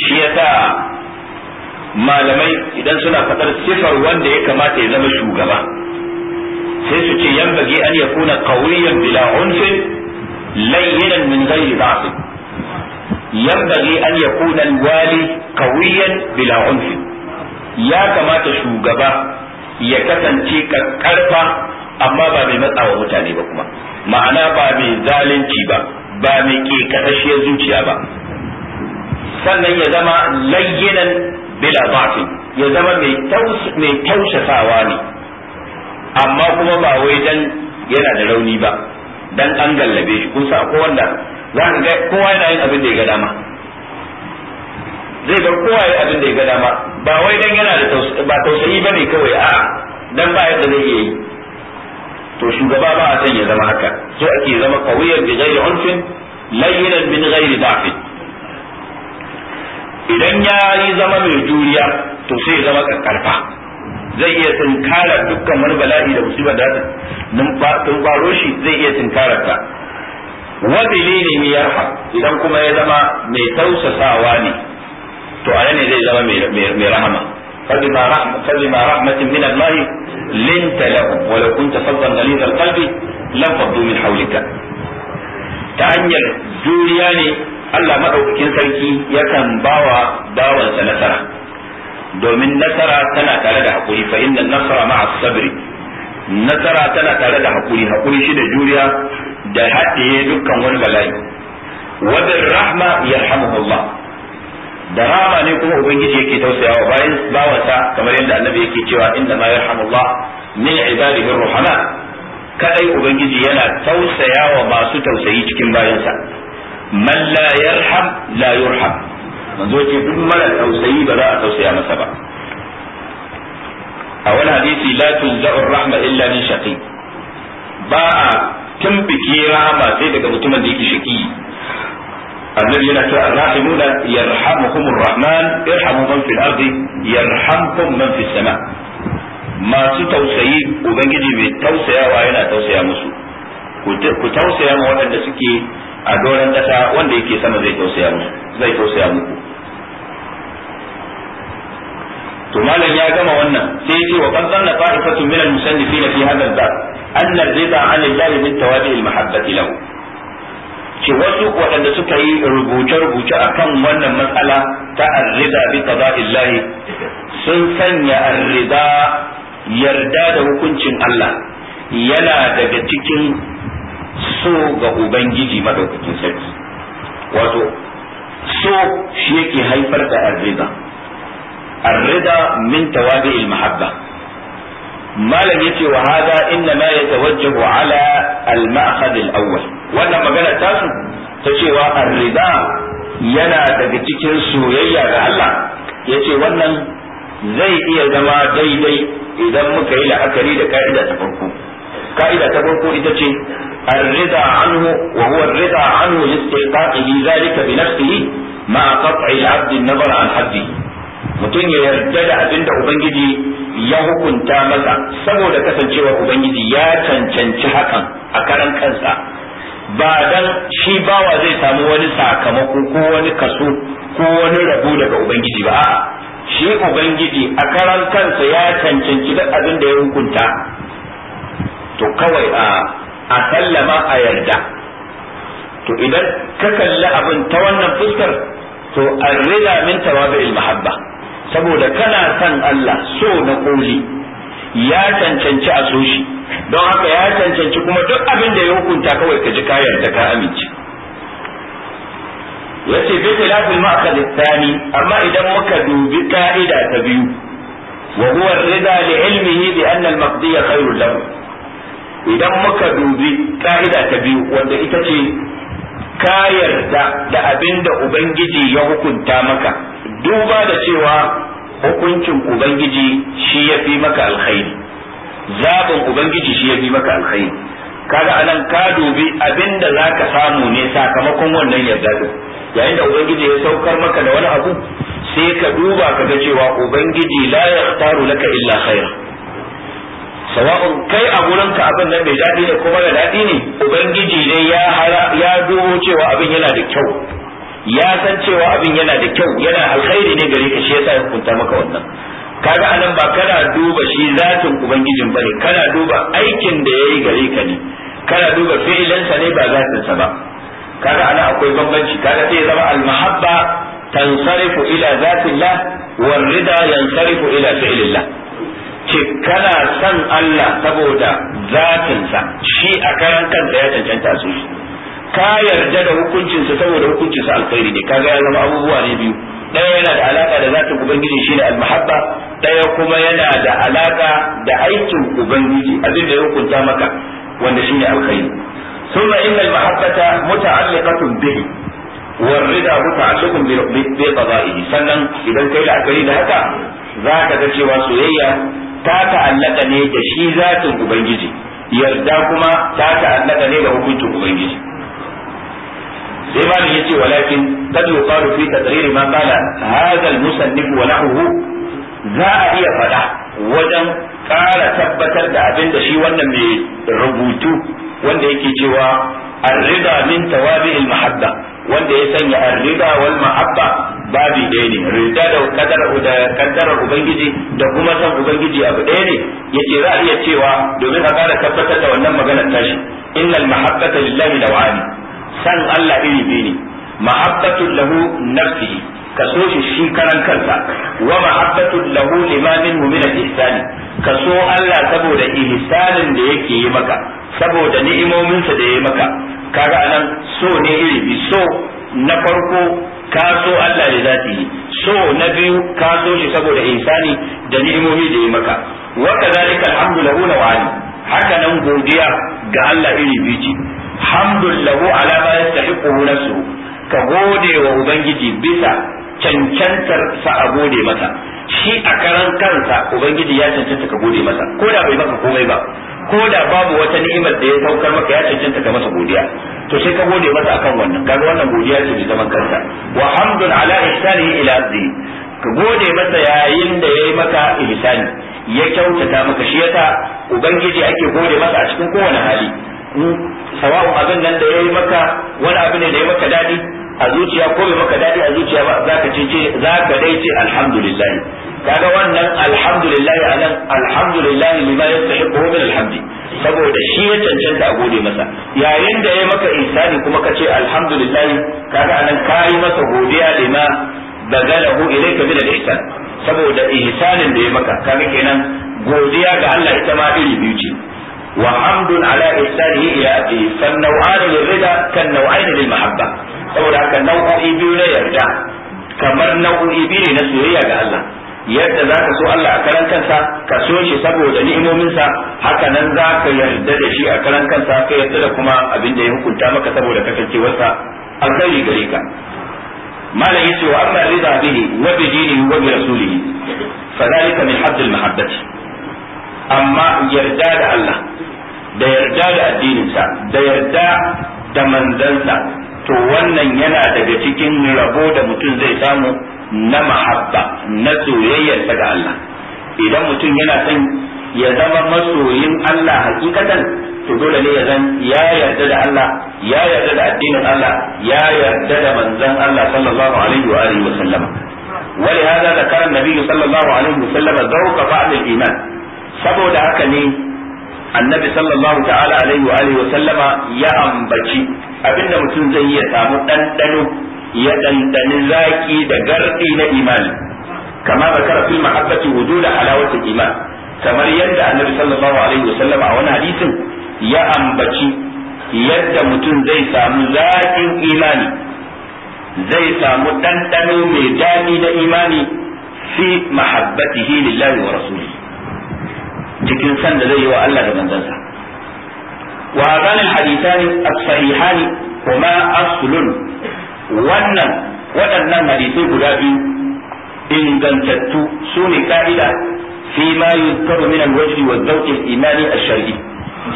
shi yasa malamai idan suna faɗar sifar wanda ya kamata ya zama shugaba sai su ce yan bage an ya kuna qawiyan bila unfin layyinan min ghairi da'f yan bage an ya kuna wali qawiyan bila unfin ya kamata shugaba ya kasance karfa amma ba mai matsawa mutane ba kuma ma'ana ba mai zalunci ba ba mai ke zuciya ba sannan ya zama layyinan bila dha'fin ya zama mai mai sawa ne amma kuma ba wai dan yana da rauni ba dan an gallabe shi kun sa ko wanda za ka ga kowa yana yin abin da ya ga dama zai ga kowa ya abin da ya ga dama ba wai dan yana da ba tausayi bane kawai a dan ba yadda zai yi to shugaba ba a san ya zama haka so ake zama kawiyan bi ghairi unfin layyinan min ghairi da'fin idan ya yi zama mai juriya to sai zama karfa zai iya tunkara dukkan wani bala'i da musibar da tun faro shi zai iya tunkara ta wabili ne yarfa idan kuma ya zama mai tausasawa ne to a ne zai zama mai rahama فبما رحمة, فبما رحمة من الله لنت لهم ولو كنت فظا غليظ القلب لانفضوا ta hanyar juriya ne Allah madaukakin sarki yakan bawa bawansa nasara domin nasara tana tare da hakuri fa inna nasara ma'a sabri nasara tana tare da hakuri hakuri shi da juriya da haɗe dukkan wani bala'i wa rahma Allah da rahma ne kuma ubangiji yake tausayawa bayan bawansa kamar yadda annabi yake cewa inna ma Allah min ibadihi ar-rahman kadai ubangiji yana tausayawa masu tausayi cikin bayansa man la yarham la yurham manzo ce duk mara tausayi ba za a tausaya masa ba a wani hadisi la tuzau rahma illa min shaqi ba a tumbike rahama sai daga mutumin da yake shaqi annabi yana cewa rahimuna yarhamuhumur rahman irhamu man fil ardi yarhamkum man fis sama masu tausayi ubangiji mai tausayawa yana tausaya musu ku tausaya ma waɗanda suke a doron ƙasa wanda yake sama zai tausaya musu zai tausaya muku to malam ya gama wannan sai ya ce wa qad dhanna qa'ifatu min al-musannifin fi hadha al-bab an ar-ridha 'an Allah min tawadi al-mahabbati lahu ce wasu waɗanda suka yi rubuce-rubuce akan wannan matsala ta ar-ridha bi qada'illahi sun sanya ar yarda da hukuncin Allah yana daga cikin so ga ubangiji madaukakin sarki wato so shi yake haifar da arrida arrida min tawabi'il mahabba malam yace wa hada inna ma yatawajjahu ala al-ma'khad al-awwal wannan magana tasu ta cewa arrida yana daga cikin soyayya ga Allah yace wannan zai iya zama daidai idan muka yi la'akari da ka'ida ta farko ka'ida ta farko ita ce الرضا عنه وهو الرضا عنه لاستحقاقه ذلك بنفسه مع قطع العبد النظر عن حده mutum ya yarda da abin da Ubangiji ya hukunta masa saboda kasancewa Ubangiji ya cancanci hakan a karan kansa ba dan shi bawa zai samu wani sakamako ko wani kaso ko wani rabu daga Ubangiji ba shi Ubangiji a karan kansa ya cancanci duk abin da ya hukunta to kawai a a sallama a yarda to idan ka kalli abin ta wannan fuskar to arrida min tawabi'il mahabba saboda kana son Allah so na koli ya cancanci a so shi don haka ya cancanci kuma duk abin da ya hukunta kawai ka ji ka yarda ka amince yace bi khilafil ma'qal tsani amma idan muka dubi ka'ida ta biyu wa huwa ar-rida li ilmihi bi anna al-maqdiya khairul lahu idan muka dubi ka'ida ta biyu wanda ita ce ka yarda da abinda ubangiji ya hukunta maka duba da cewa hukuncin ubangiji shi ya fi maka alkhairi zaɓin ubangiji shi ya fi maka alkhairi kaga anan ka dubi abinda da za ka samu ne sakamakon wannan yarda din yayin da ubangiji ya saukar maka da wani abu sai ka duba ka ga cewa ubangiji la yaqtaru laka illa khaira sawa'un kai a gurin ka abin nan bai daɗi ne kuma da daɗi ne ubangiji ne ya hara ya dubo cewa abin yana da kyau ya san cewa abin yana da kyau yana alkhairi ne gare ka shi yasa ya hukunta maka wannan kaga anan ba kana duba shi zatin ubangijin bane kana duba aikin da yayi gare ka ne kana duba fi'ilansa ne ba zatinsa ba kaga anan akwai bambanci kaga sai zama almahabba tansarifu ila zatillah warida yansarifu ila fi'lillah ce kana son Allah saboda zatinsa shi a karan kansa ya cancanta su ka yarda da hukuncinsa saboda hukuncinsa alkhairi ne kaga ya zama abubuwa ne biyu ɗaya yana da alaka da zatin ubangiji ne almahabba ɗaya kuma yana da alaka da aikin ubangiji abin da ya hukunta maka wanda shi shine alkhairi ثم إن المحبة متعلقة به والرضا متعلق بقضائه سنن إذا كيل أكيد هكا ذاك cewa soyayya. ta ta'allaka ne da shi zatin ubangiji yarda kuma ta ta'allaka ne da hukuncin ubangiji sai ba ya ce walakin kad yuqalu fi tadriri ma qala hadha al-musannif wa za a iya fada wajen ƙara tabbatar da abin da shi wannan mai rubutu wanda yake cewa arrida min tawabi al-mahabba wanda ya sanya arrida wal mahabba babi ɗaya ne rida da kadar da kaddarar ubangiji da kuma san ubangiji abu ɗaya ne yace za a iya cewa domin a ƙara tabbatar da wannan maganar tashi innal mahabbata lillahi Wani, san Allah iri biyu ne mahabbatu lahu nafsihi ka so shi shi karan kansa wa mahabbatu lahu limamin min al-ihsani ka so Allah saboda ihsanin da yake yi maka saboda ni'imominsa da ya yi maka kaga anan so ne iri bi so na farko ka so Allah da zatihi so na biyu ka so shi saboda insani da ni'imomi da yi maka wa kadhalika alhamdulillahi lahu wa'ali haka nan godiya ga Allah iri biyu ce hamdulillahu ala ma yastahiqu ka gode wa ubangiji bisa cancantar sa a gode masa shi a karan kansa ubangiji ya cancanta ka gode masa ko da bai maka komai ba ko da babu wata ni'imar da ya saukar maka ya cancanta ga masa godiya to sai ka gode masa akan wannan kaga wannan godiya ce mai zaman kanta wa hamdun ala ihsani ila zi. ka gode masa yayin da yayi maka ihsani ya kyautata maka shi yasa ubangiji ake gode masa a cikin kowane hali sawa'u abin nan da yayi maka wani abu ne da ya maka dadi a zuciya ko bai maka dadi a zuciya ba zaka ce za zaka dai ce alhamdulillah kaga wannan alhamdulillah anan alhamdulillah lima yastahiqu min alhamdi saboda shi ya cancanta a gode masa yayin da ya maka ihsani kuma ka ce alhamdulillah kaga anan kai masa godiya lima ka ilayka min alihsan saboda ihsanin da ya maka kaga kenan godiya ga Allah ita ma iri biyu ce وحمد على إحسانه إلى أبيه فالنوعان للرضا كالنوعين للمحبة saboda haka nau'o'i biyu na yarda kamar nau'o'i biyu ne na soyayya ga Allah yadda za ka so Allah a karan kansa ka so shi saboda ni'imominsa haka nan za ka yarda da shi a karan kansa ka yarda da kuma abin da ya hukunta maka saboda kasancewarsa alkhairi gare ka malam yace wa amma rida bihi wa bi dinihi wa bi rasulihi fadhalika min hadd al-mahabbati amma yarda da Allah da yarda da addininsa da yarda da manzansa to wannan yana daga cikin rabo da mutum zai samu na mahabba na soyayyarsa ga Allah idan mutum yana son ya zama masoyin Allah hakikatan to dole ne ya zan ya yarda da Allah ya yarda da addinin Allah ya yarda da manzon Allah sallallahu alaihi wa alihi wa sallama zakara ذكر sallallahu alaihi الله عليه وسلم ذوق بعض iman. saboda haka ne annabi sallallahu ta'ala alaihi wa alihi wa sallama ya ambaci abinda mutum zai iya samu dandano ya dandani zaki da garɗi na imani kama zakara fi mahabbati wujuda halawatul iman kamar yadda annabi sallallahu alaihi wa sallama a wani hadisin ya ambaci yadda mutum zai samu zaƙin imani zai samu dandano mai daɗi na imani fi mahabbatihi lillahi wa rasulihi cikin san da zai yi wa Allah da manzansa wa hadan alhadithani as-sahihan kuma aslun wannan waɗannan hadisai guda biyu ingantattu su ne ka'ida fi ma yuzkaru min al-wajdi wa dhawq imani ash-shar'i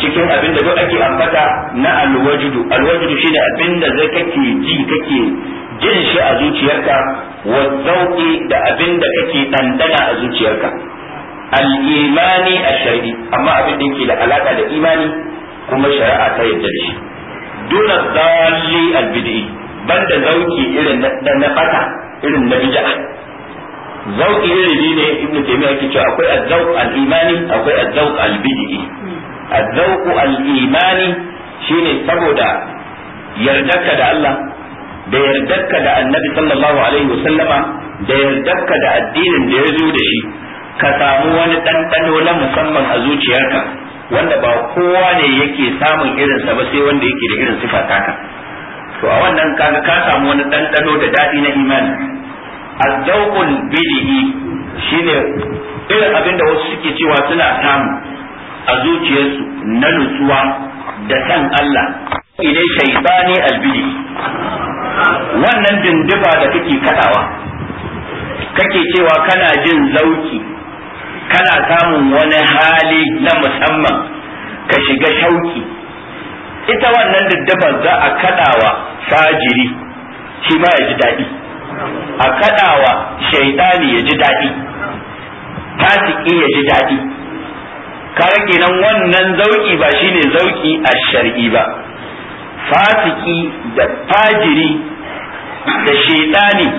cikin abin da duk ake ambata na alwajidu alwajidu shine abin da zai kake ji kake jin shi a zuciyarka wa zauki da abin da kake dandana a zuciyarka al-imani ash-shar'i amma abin da yake da alaka da imani kuma shari'a ta yadda da shi dole dalli al-bid'i banda zauki irin na bata irin na bid'a zauki iri ne ibnu taymiya yake cewa akwai az al-imani akwai az al-bid'i az al-imani shine saboda yardarka da Allah da yardarka da Annabi sallallahu alaihi wasallama da yardarka da addinin da ya zo da shi ka samu wani ɗanɗano na musamman a zuciyarka wanda ba kowa ne yake samun irinsa ba sai wanda yake da irin sifa taka to a wannan kaga ka samu wani ɗanɗano da daɗi na imani azzauqul bidi'i shine irin abinda wasu suke cewa suna samu a zuciyarsu na nutsuwa da san Allah idan shaytani albidi wannan dindifa da kake kadawa kake cewa kana jin zauki kana samun wani hali na musamman ka shiga shauki ita wannan daddabar za a kadawa fajiri shi ma ya ji daɗi a kadawa shaidani ya ji daɗi fasiki ya ji daɗi kare kenan wannan zauki ba shine zauki a shar'i ba fasiki da fajiri da shaidani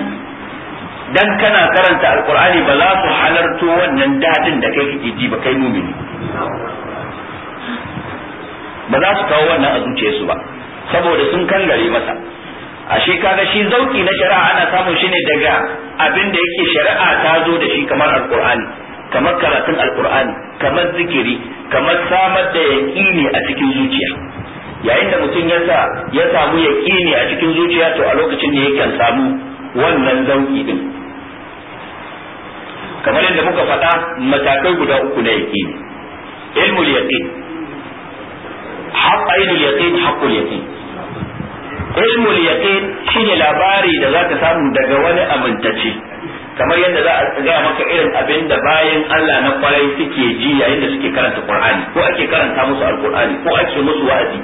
dan kana karanta alqur'ani ba za su halarto wannan dadin da kai kake ji ba kai mumini ba za su kawo wannan a zuciyarsu ba saboda sun kangare masa ashe kaga shi zauki na shari'a ana samun shi ne daga abin da yake shari'a ta zo da shi kamar alqur'ani kamar karatun alqur'ani kamar zikiri kamar samar da yaqini a cikin zuciya yayin da mutum ya sa ya samu yaqini a cikin zuciya to a lokacin ne yake samu wannan zauki din kamar yadda muka faɗa matakai guda uku na yaqini ilmul yaqin haqqa ilmul yaqin haqqul yaqin ilmul yaqin shine labari da zaka samu daga wani amintacce kamar yadda za a gaya maka irin abin da bayan Allah na kwarai suke ji yayin da suke karanta Qur'ani ko ake karanta musu Al-Qur'ani ko ake musu wa'azi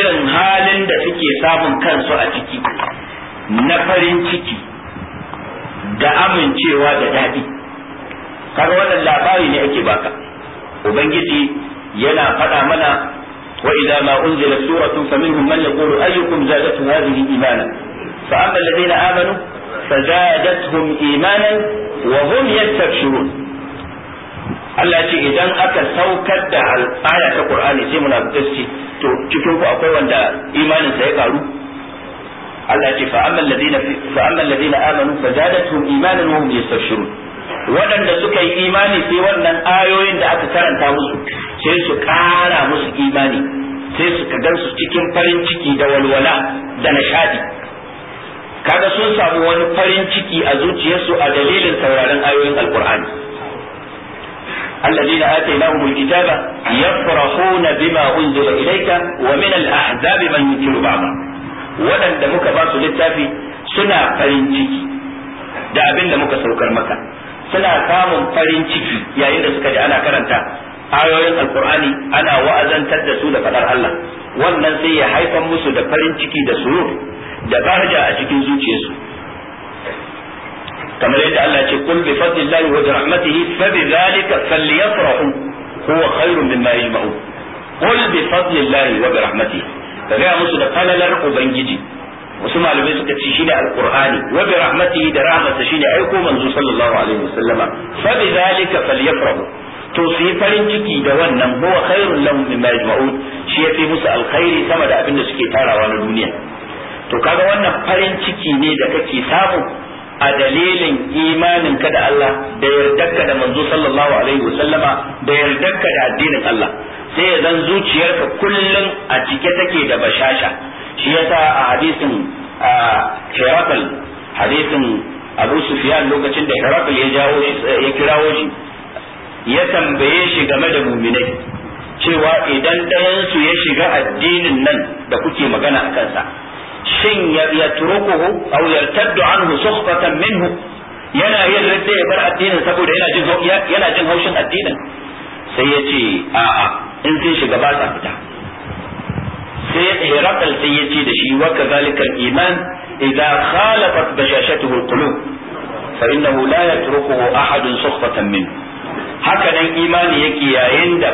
irin halin da suke samun kansu a ciki na farin ciki da amincewa da daɗi kaga wannan labari ne ake baka ubangiji yana faɗa mana wa idza ma unzila suratun faminhum man yaqulu ayyukum zadatu hadhihi imana fa amma alladhina amanu فزادتهم wa وهم يستبشرون Allah ce idan aka saukar da aya ta Qur'ani sai muna gaske to cikin ku akwai wanda imanin sa ya karu Allah ce fa amma alladhina fa amma alladhina amanu fazadatuhum imanan wa hum yastashirun waɗanda suka yi imani sai wannan ayoyin da aka karanta musu sai su ƙara musu imani sai su ka gansu cikin farin ciki da walwala da nishadi kaga sun samu wani farin ciki a zuciyarsu a dalilin sauraron ayoyin alkur'ani الذين آتيناهم الكتاب يفرحون بما أنزل إليك ومن الأحزاب من ينكر بعضه ولن دمك basu littafi suna farin ciki da abinda muka saukar maka suna samun farin ciki yayin da suka ji ana karanta ayoyin alkur'ani ana wa'azantar da su da faɗar Allah wannan sai ya haifar musu da farin ciki da surur da barja a cikin zuciyarsu kamar yadda Allah ce kul bi fadlillahi wa rahmatihi fa bi dhalika falyafrahu huwa khairun mimma yajma'un kul bi fadlillahi wa bi rahmatihi ka gaya musu da falalar ubangiji wasu malamai suka ci shine alqur'ani wa bi rahmatihi da rahmatsa shine aiko manzo sallallahu alaihi wasallama fa bi zalika falyafrahu to su yi farin ciki da wannan huwa khairul lahum mimma yajma'un shi yafi musu alkhairi sama da abin da suke tarawa na duniya to kaga wannan farin ciki ne da kake samu a dalilin imanin ka da Allah da yardarka da manzo sallallahu alaihi wasallama da yardarka da addinin Allah sai ya zan zuciyarka kullum a cike take da bashasha shi yasa a hadisin Herakl hadisin Abu Sufyan lokacin da Herakl ya jawo shi ya kirawo shi ya tambaye shi game da muminai cewa idan ɗayansu ya shiga addinin nan da kuke magana a kansa shin ya turukuhu aw yartaddu anhu sukhfatan minhu yana yin ridda ya bar addinin saboda yana jin yana jin haushin addinin sai ya ce a'a in sun shiga ba sa fita sai ya hirakal sai ya ce da shi wa kadhalika al-iman idza khalafat bashashatuhu al-qulub fa innahu la yatruku ahadun sukhfatan min haka nan imani yake yayin da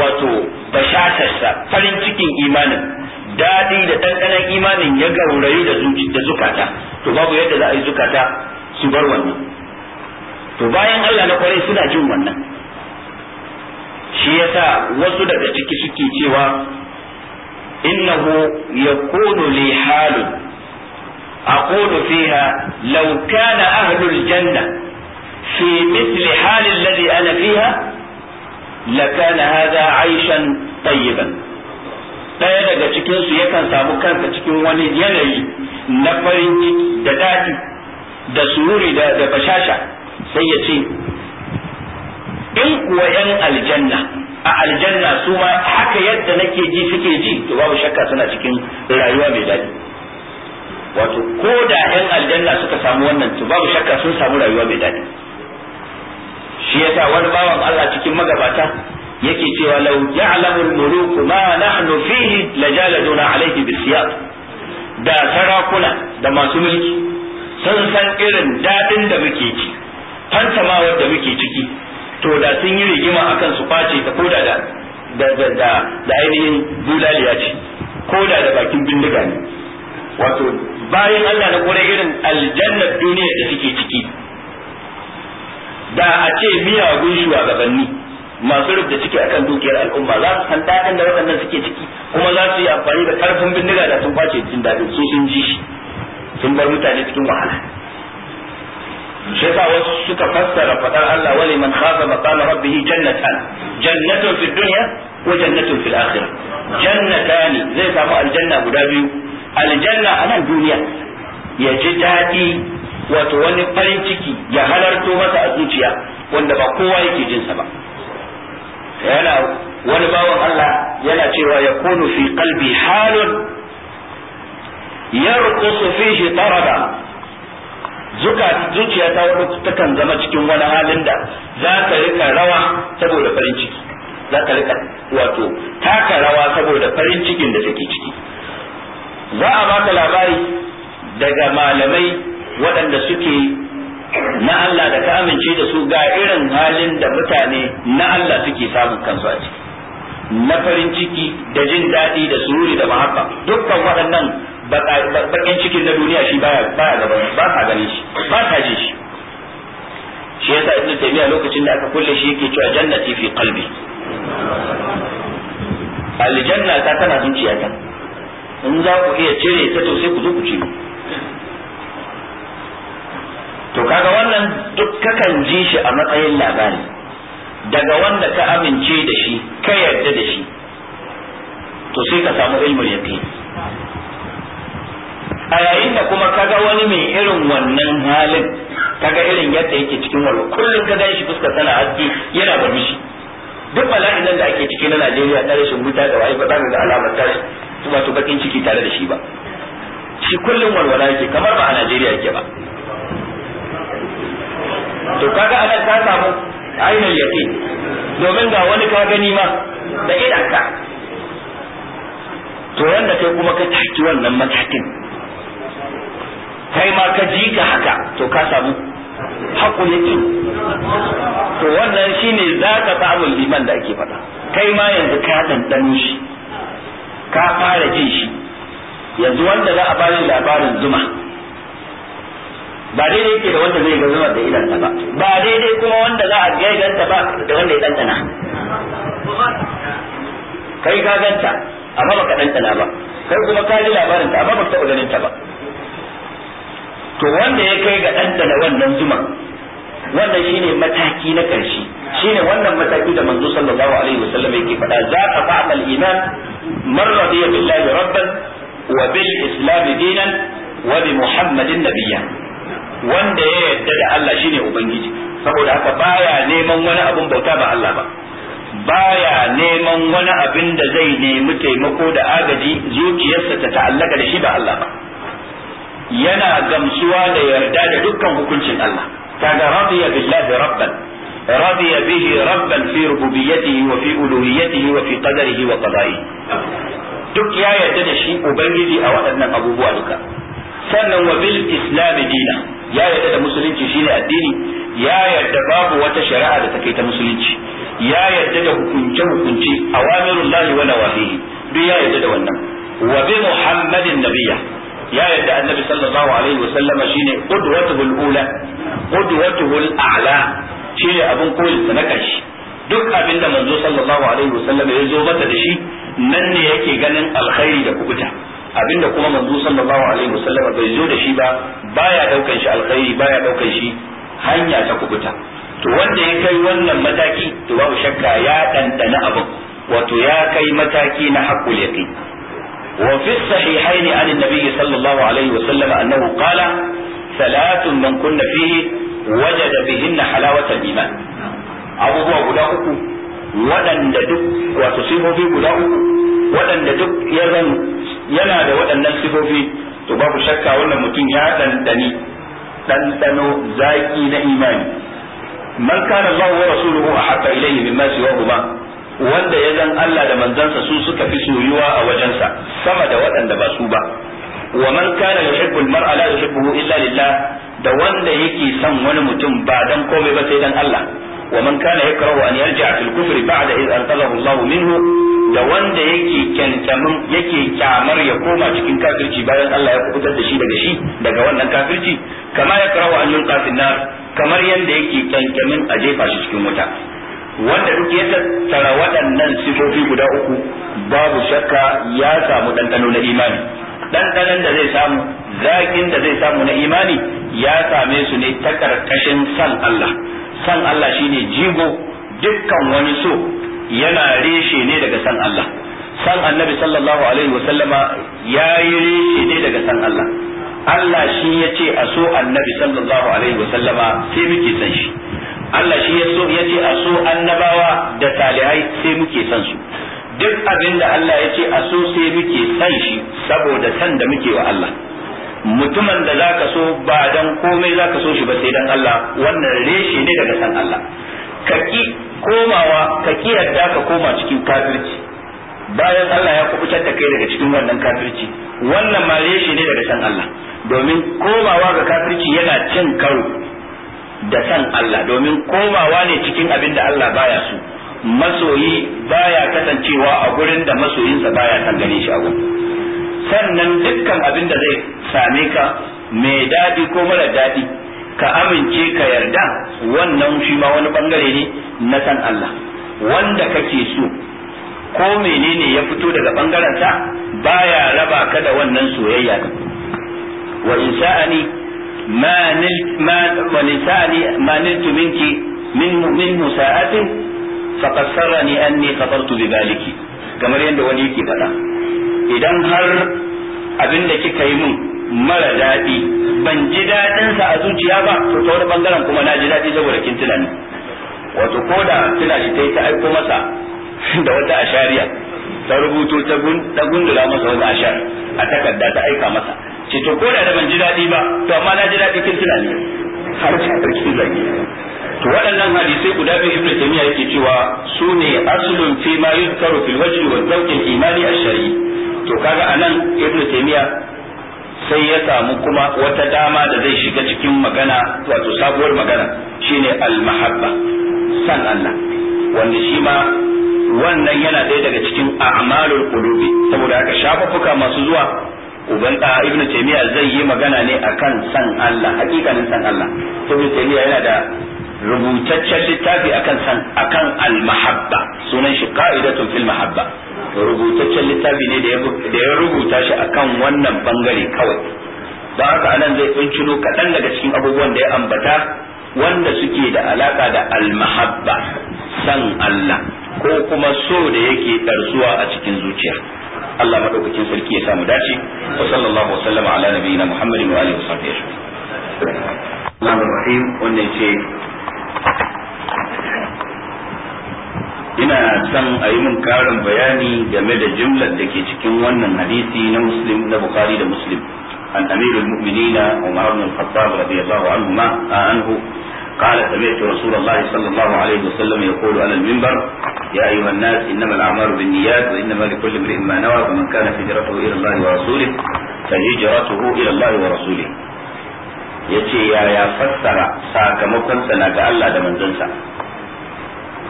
wato bashatarsa farin cikin imanin dadi da ɗanɗanon imanin ya gaurayi da zukata to babu yadda za a yi zukata su bar wannan to bayan Allah na kwarai suna jin wannan shi yasa wasu daga ciki suke cewa إنه يكون لي حال أقول فيها لو كان أهل الجنة في مثل حال الذي أنا فيها لكان هذا عيشا طيبا ɗaya daga cikinsu yakan samu kansa cikin wani yanayi na farin ciki da daɗi da sururi da bashasha sai ya ce in kuwa 'yan aljanna a aljanna su ma haka yadda nake ji suke ji to babu shakka suna cikin rayuwa mai daɗi wato ko da yan aljanna suka samu wannan to babu shakka sun samu rayuwa mai daɗi shi yasa wani bawan Allah cikin magabata yake cewa law ya'lamu al-muluku ma nahnu fihi lajaladuna alayhi bisiyat da sarakuna da masu mulki sun san irin daɗin da muke ci fantama wanda muke ciki to da sun yi rigima akan su face ta koda da da da da ainihin bulaliya ce koda da bakin bindiga ne wato bayan Allah na kore irin aljannar duniya da suke ciki da a ce miya miyagun shugabanni masu rubuta ciki akan dukiyar al'umma za su san daɗin da waɗannan suke ciki kuma za su yi amfani da karfin bindiga da sun face jin daɗin su sun ji shi sun bar mutane cikin wahala shi yasa wasu suka fassara fadar Allah wali man khafa maqama rabbih jannatan jannatun fid dunya wa jannatun fil akhirah jannatani zai samu aljanna guda biyu aljanna a nan duniya ya ji daɗi wato wani farin ciki ya halarto masa a zuciya wanda ba kowa yake jinsa ba yana wani bawan Allah yana cewa ya kunu fi qalbi halun yarqusu fihi tarada zuciya ta wani takan zama cikin wani halin da za ka rika rawa saboda farin ciki za ka rika wato taka rawa saboda farin cikin da take ciki za a baka labari daga malamai waɗanda suke na Allah da ka amince da su ga irin halin da mutane na Allah suke samun kansu a ciki na farin ciki da jin daɗi da sururi da mahabba dukkan waɗannan bakin cikin na duniya shi baya baya gaban ba ka gani shi ba ka ji shi shi yasa ibnu taymiya lokacin da aka kulle shi yake cewa jannati fi qalbi aljanna ta tana zuciyata in za ku iya cire ta to sai ku zo ku ci to kaga wannan duk kakan ji shi a matsayin labari daga wanda ka amince da shi ka yarda da shi to sai ka samu ilmul yaqin a yayin da kuma kaga wani mai irin wannan halin kaga irin yadda yake cikin wani kullum ka gan shi fuskar tana haske yana barmishi duk bala'in nan da ake ciki na Najeriya tare shi muta da wayi ba za mu ga alamar ta wato bakin ciki tare da shi ba shi kullum walwala yake kamar ba a Najeriya yake ba to kaga anan ka samu ainihin yake domin ga wani ka gani ma da idanka to wanda kai kuma ka taki wannan matakin kai ma ka ji ka haka to ka samu ne yake to wannan shine za ka samu liman da ake faɗa kai ma yanzu ka ɗanɗano shi ka fara jin shi yanzu wanda za a bani labarin zuma ba daidai yake da wanda zai ga zuma da ta ba ba daidai kuma wanda za a ga ta ba da wanda ya ɗanɗana kai ka ganta amma ta ɗanɗana ba kai kuma ka ji labarin ta amma baka taɓa ganin ta ba to wanda ya kai ga ɗanɗana wannan zuma wannan shine mataki na ƙarshe shine wannan mataki da manzo sallallahu alaihi wasallam yake faɗa za ka fa'al iman man radiya billahi rabban wa bil islam dinan wa bi muhammadin nabiyya wanda ya yarda da Allah shine ubangiji saboda haka baya neman wani abun bauta ba Allah ba baya neman wani abin da zai nemi taimako da agaji zuciyarsa ta ta'allaka da shi ba Allah ba yana gamsuwa da yarda da dukkan hukuncin Allah kaga radiya billahi rabban radiya bihi rabban fi rububiyyatihi wa fi uluhiyyatihi wa fi qadarihi wa qada'i duk ya yarda da shi ubangiji a waɗannan abubuwa duka sannan wa bil islam dina ya yarda da musulunci shine addini ya yarda babu wata shari'a da take ta musulunci ya yarda da hukunce hukunci awamirullahi wa nawahihi duk ya yarda da wannan wa bi muhammadin nabiyya ya yadda annabi sallallahu alaihi wa sallama shine qudwatuhul ula qudwatuhul a'la shine abin koyinsa na karshe duk abin da manzo sallallahu alaihi wa sallama ya zo mata da shi nan ne yake ganin alkhairi da kubuta abinda kuma manzo sallallahu alaihi wa sallama bai zo da shi ba baya daukan shi alkhairi baya daukan shi hanya ta kubuta to wanda ya kai wannan mataki to babu shakka ya dandana abu wato ya kai mataki na haƙƙul yaqin وفي الصحيحين عن النبي صلى الله عليه وسلم أنه قال ثلاث من كن فيه وجد بهن حلاوة الإيمان أبو هو غلاؤه ولن دك وتصيبه في غلاؤه ولن دك يزن yana da waɗannan sifofi to babu shakka wannan mutum ya ɗanɗani ɗanɗano zaƙi na imani man kana Allah a rasuluhu ahabba ilayhi mimma wanda ya zan Allah da manzansa su suka fi soyuwa a wajensa sama da waɗanda ba su ba wa man kana yuhibbu al-mar'a la yuhibbuhu illa lillah da wanda yake son wani mutum ba dan komai ba sai dan Allah wa man kana yakrahu an yarji'a fil kufri ba'da idh anqadhahu Allah minhu da wanda yake kyantamin yake kyamar ya koma cikin kafirci bayan Allah ya kubutar da shi daga shi daga wannan kafirci kama yakrahu an yulqa fil nar kamar yanda yake kyankyamin a jefa shi cikin wuta wanda duke ya tattara waɗannan sifofi guda uku babu shakka ya samu ɗanɗano na imani ɗanɗanon da zai samu zaƙin da zai samu na imani ya same su ne ta ƙarƙashin san Allah san Allah shine jigo dukkan wani so yana reshe ne daga san Allah san annabi sallallahu alaihi wa ya yi reshe ne daga san Allah Allah shi ya ce a so annabi sallallahu alaihi wa sai muke san shi Allah shi ya yace ce a so annabawa da salihai sai muke san su duk abin da Allah ya ce a so sai muke san shi saboda san da muke wa Allah mutumin da zaka so ba dan komai zaka so shi ba sai dan Allah wannan reshe ne daga san Allah ka ki komawa ka ki yadda ka koma cikin kafirci bayan Allah ya kubutar da kai daga cikin wannan kafirci wannan ma reshe ne daga san Allah domin komawa ga kafirci yana cin karo da san Allah domin komawa ne cikin abin da Allah baya su masoyi baya kasancewa a gurin da masoyinsa baya san gane shi a sannan dukkan abin da zai same ka mai daɗi ko mara daɗi ka amince ka yarda wannan shi ma wani bangare ne na san Allah wanda kake so ko menene ya fito daga bangaren sa baya raba ka da wannan soyayya wa insa'ani ما نلت ما ولساني ما نلت منك من منه ساعة فقد أني خطرت بذلك yadda wani yake faɗa idan har abin da kika yi mun mara daɗi ban ji daɗinsa a zuciya ba to ta wani bangaren kuma na ji daɗi saboda kin tunani wato ko da tuna shi ta yi ta aiko masa da wata ashariya ta rubuto ta gundura masa wata ashar a takarda ta aika masa ce to ko da ban ji daɗi ba to amma na ji daɗi kin tunani har ta sarki zagi to waɗannan hadisai guda biyu ibnu taymiya yake cewa su ne aslun fi ma yuzkaru fil wajhi wa zawqil imani ash-shar'i to kaga anan ibnu taymiya sai ya samu kuma wata dama da zai shiga cikin magana wato sabuwar magana shine al-mahabba san Allah wanda shi ma wannan yana ɗaya daga cikin a'malul qulubi saboda haka shafafuka masu zuwa uban da ibnu taymiya zai yi magana ne akan san Allah hakikanin san Allah ibnu taymiya yana da rubutaccen littafi akan san akan al-mahabba sunan shi qaidatu fil mahabba rubutaccen littafi ne da ya rubuta shi akan wannan bangare kawai don haka anan zai kuncino kaɗan daga cikin abubuwan da ya ambata wanda suke da alaka da al-mahabba san Allah ko kuma so da yake ɗarsuwa a cikin zuciya Allah maɗaukakin sarki ya samu dace wa sallallahu wa sallama ala nabiyina Muhammadin wa alihi wa sahbihi ajma'in Allahumma rahim wannan ce ina son a yi min karin bayani game da jimlar da ke cikin wannan hadisi na muslim na bukhari da muslim an amirul mu'minina umar ibn al-khattab radiyallahu anhu ma anhu قال سمعت رسول الله صلى الله عليه وسلم يقول على المنبر يا أيها الناس إنما الأعمال بالنيات وإنما لكل امرئ ما نوى فمن كانت هجرته إلى الله ورسوله فهجرته إلى الله ورسوله yace yaya fassara sakamakonsa na ga Allah da manzonsa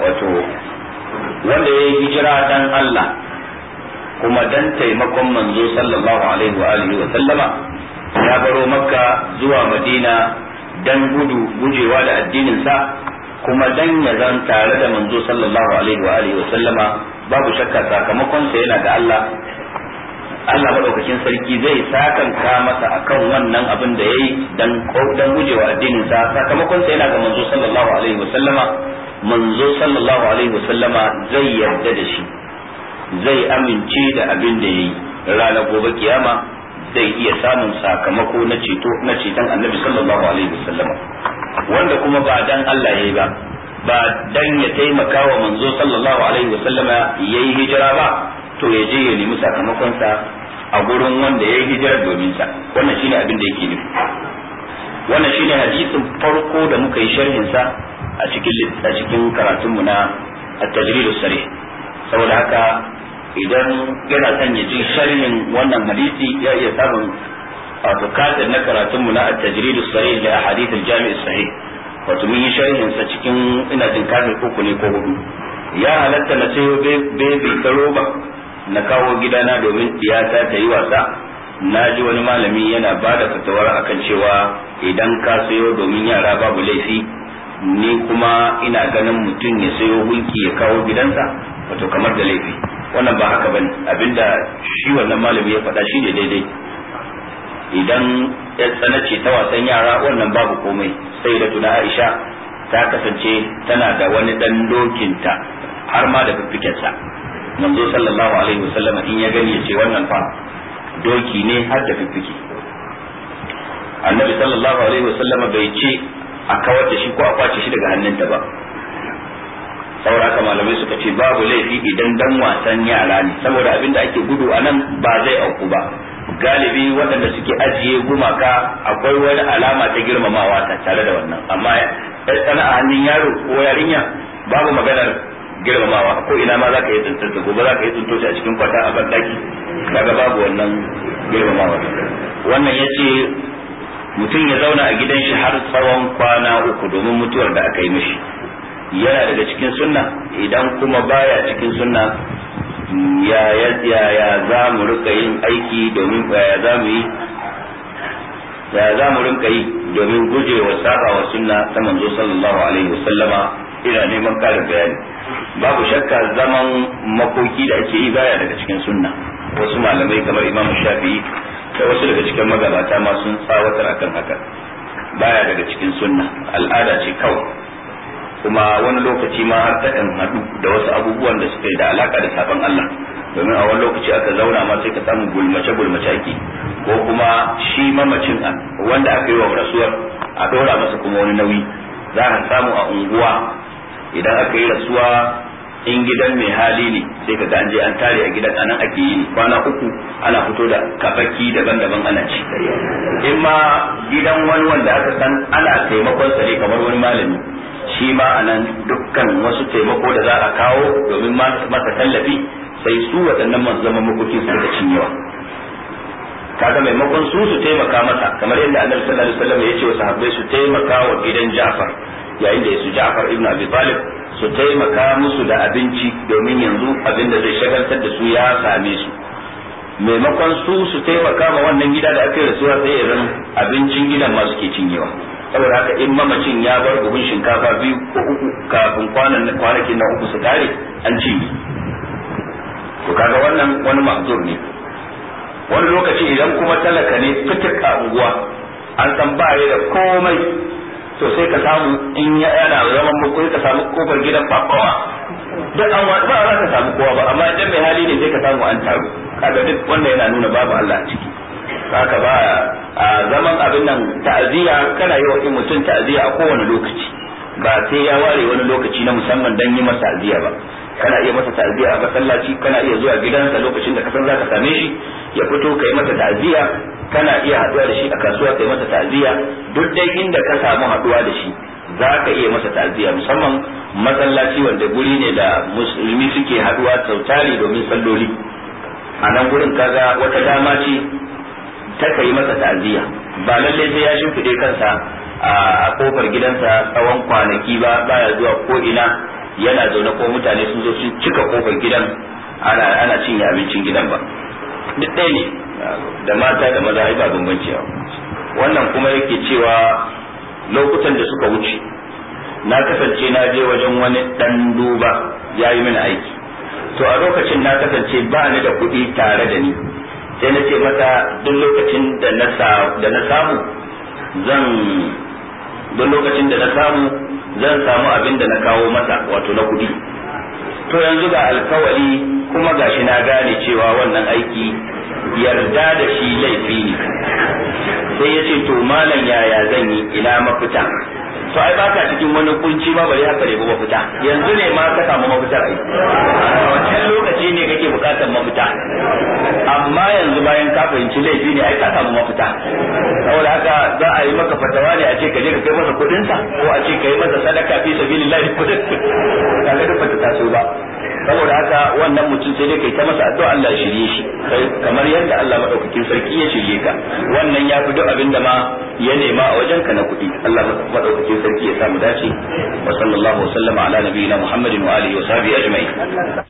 wato wanda ya yi hijira dan Allah kuma dan taimakon manzo sallallahu alaihi wa alihi wa sallama ya baro makka zuwa madina dan gudu gujewa da addinin sa kuma dan ya zan tare da manzo sallallahu alaihi wa alihi wa sallama babu shakka sakamakon sa yana ga Allah Allah madaukakin sarki zai ka masa akan wannan abin da yayi dan dan gujewa addinin sa sakamakon sa yana ga manzo sallallahu alaihi wa sallama manzo sallallahu alaihi wa sallama zai yarda da shi zai amince da abin da yayi ranar gobe kiyama zai iya samun sakamako na ceto na ceton annabi sallallahu alaihi wasallam wanda kuma ba dan Allah yayi ba ba dan ya taimaka wa manzo sallallahu alaihi wasallama yayi hijira ba to ya je ya nemi sakamakon sa a gurin wanda yayi hijira domin sa wannan shine abin da yake nufi wannan shine hadisin farko da muka yi sharhin sa a cikin a cikin karatunmu na at-tajrid sarih saboda haka idan yana son ya ji sharhin wannan hadisi ya iya samun A katin na karatun mu na at-tajrid as-sahih da ahadith al-jami' as-sahih wato mun yi sharhin sa cikin ina jin kafin uku ne ko hudu ya halatta na sayo be ta roba na kawo gidana domin tiyata ta yi wasa na ji wani malami yana ba da fatawar akan cewa idan ka sayo domin yara babu laifi ni kuma ina ganin mutum ya sayo gunki ya kawo gidansa wato kamar da laifi wannan ba haka bane abinda shi wannan malami ya faɗa shi ne daidai idan ya tsanace ta wasan yara wannan babu komai sai da tuna Aisha ta kasance tana da wani dan dokinta har ma da fiffikensa manzo sallallahu alaihi wasallam in ya gani ya ce wannan fa doki ne har da fiffike annabi sallallahu alaihi wasallam bai ce a kawar da shi ko a kwace shi daga hannunta ba saboda haka malamai suka ce babu laifi idan dan wasan yara ne saboda abin da ake gudu a nan ba zai auku ba galibi waɗanda suke ajiye gumaka akwai wani alama ta girmamawa ta tare da wannan amma ɗan sana'a hannun yaro ko yarinya babu maganar girmamawa ko ina ma za ka yi tsantsanta gobe za ka yi tsintoci a cikin kwata a bandaki kaga babu wannan girmamawa wannan ya ce mutum ya zauna a gidan shi har tsawon kwana uku domin mutuwar da aka yi mishi yana daga cikin sunna idan kuma baya cikin sunna ya ya ya za mu rika yin aiki domin ya za mu yi ya za mu rinka yi domin gujewa saba wa sunna ta manzo sallallahu alaihi wasallama ina neman karin bayani babu shakka zaman makoki da ake yi baya daga cikin sunna wasu malamai kamar imamu shafi'i da wasu daga cikin magabata ma sun tsawatar akan haka baya daga cikin sunna al'ada ce kawai kuma wani lokaci ma har takan haɗu da wasu abubuwan da suke da alaka da sabon Allah domin a wani lokaci aka zauna ma sai ka samu gulmace gulmace ake ko kuma shi mamacin wanda aka yi wa rasuwar a ɗora masa kuma wani nauyi za a samu a unguwa idan aka yi rasuwa in gidan mai hali ne sai ka je an tare a gidan anan ake yi kwana uku ana fito da kafaki daban-daban ana ci in ma gidan wani wanda aka san ana taimakon sa ne kamar wani malami shi ma a nan dukkan wasu taimako da za a kawo domin masa tallafi sai su waɗannan masu zama makokin su da cinyewa kaga maimakon su su taimaka masa kamar yadda annabi sallallahu alaihi wasallam ya ce wa sahabbai su taimaka wa gidan Ja'far yayin da su Ja'far ibn Abi Talib su taimaka musu da abinci domin yanzu abin da zai shagaltar da su ya same su maimakon su su taimaka ma wannan gida da aka yi rasuwa sai ya abincin gidan masu ke cinyewa saboda haka in mamacin ya bar buhun shinkafa biyu ko uku kafin kwanan kwanakin na uku su kare an ci to kaga wannan wani mahzur ne wani lokaci idan kuma talaka ne fitik a unguwa an san ba da komai to sai ka samu in ya yana zaman muku ka samu kofar gidan babawa duk an ba za ka samu kowa ba amma idan mai hali ne sai ka samu an taru kaga duk wanda yana nuna babu Allah a ciki haka ba a zaman abin nan ta'aziyya kana yi wa mutum ta'aziyya a kowane lokaci ba sai ya ware wani lokaci na musamman dan yi masa ta'aziyya ba kana iya masa ta'aziyya a masallaci kana iya zuwa gidansa lokacin da kasan zaka same shi ya fito kai masa ta'aziyya kana iya haɗuwa da shi a kasuwa kai masa ta'aziya duk dai inda ka samu haɗuwa da shi zaka iya masa ta'aziya musamman masallaci wanda guri ne da musulmi suke haɗuwa sautari domin salloli a nan gurin kaga wata dama ce ta yi masa ta'aziyya ba lalle sai ya shimfide kansa a kofar gidansa tsawon kwanaki ba baya zuwa ko ina yana zaune ko mutane sun zo sun cika kofar gidan ana ana cinye abincin gidan ba duk ɗaya ne da mata da maza ba bambanci wannan kuma yake cewa lokutan da suka wuce na kasance na je wajen wani ɗan duba ya yi mini aiki to a lokacin na kasance ba ni da kuɗi tare da ni sai na ce mata duk lokacin da na samu zan duk lokacin da na samu zan samu abin da na kawo masa wato na kudi to yanzu ga alkawari kuma ga shi na gane cewa wannan aiki yarda da shi laifi ne sai ya ce to malam yaya zan yi ina mafita to ai baka cikin wani kunci ba bare haka ba mafita yanzu ne ma ka samu mafita ai wannan lokaci ne kake bukatar mafita amma yanzu bayan ka fahimci laifi ne ai ka samu mafita saboda haka za a yi maka fatawa ne a ce ka je ka kai masa kudin sa ko a ce ka yi masa sadaka fi sabilillah kudin ka ga duk ta so ba saboda haka wannan mutum sai dai kai ta masa addu'a Allah ya shirye shi kamar yadda Allah madaukakin sarki ya shirye ka wannan ya fi duk abin da ma ya nema a wajen ka na kuɗi Allah madaukakin sarki ya samu dace wa sallallahu wa sallama ala nabiyina Muhammadin wa alihi wa sahbihi ajma'in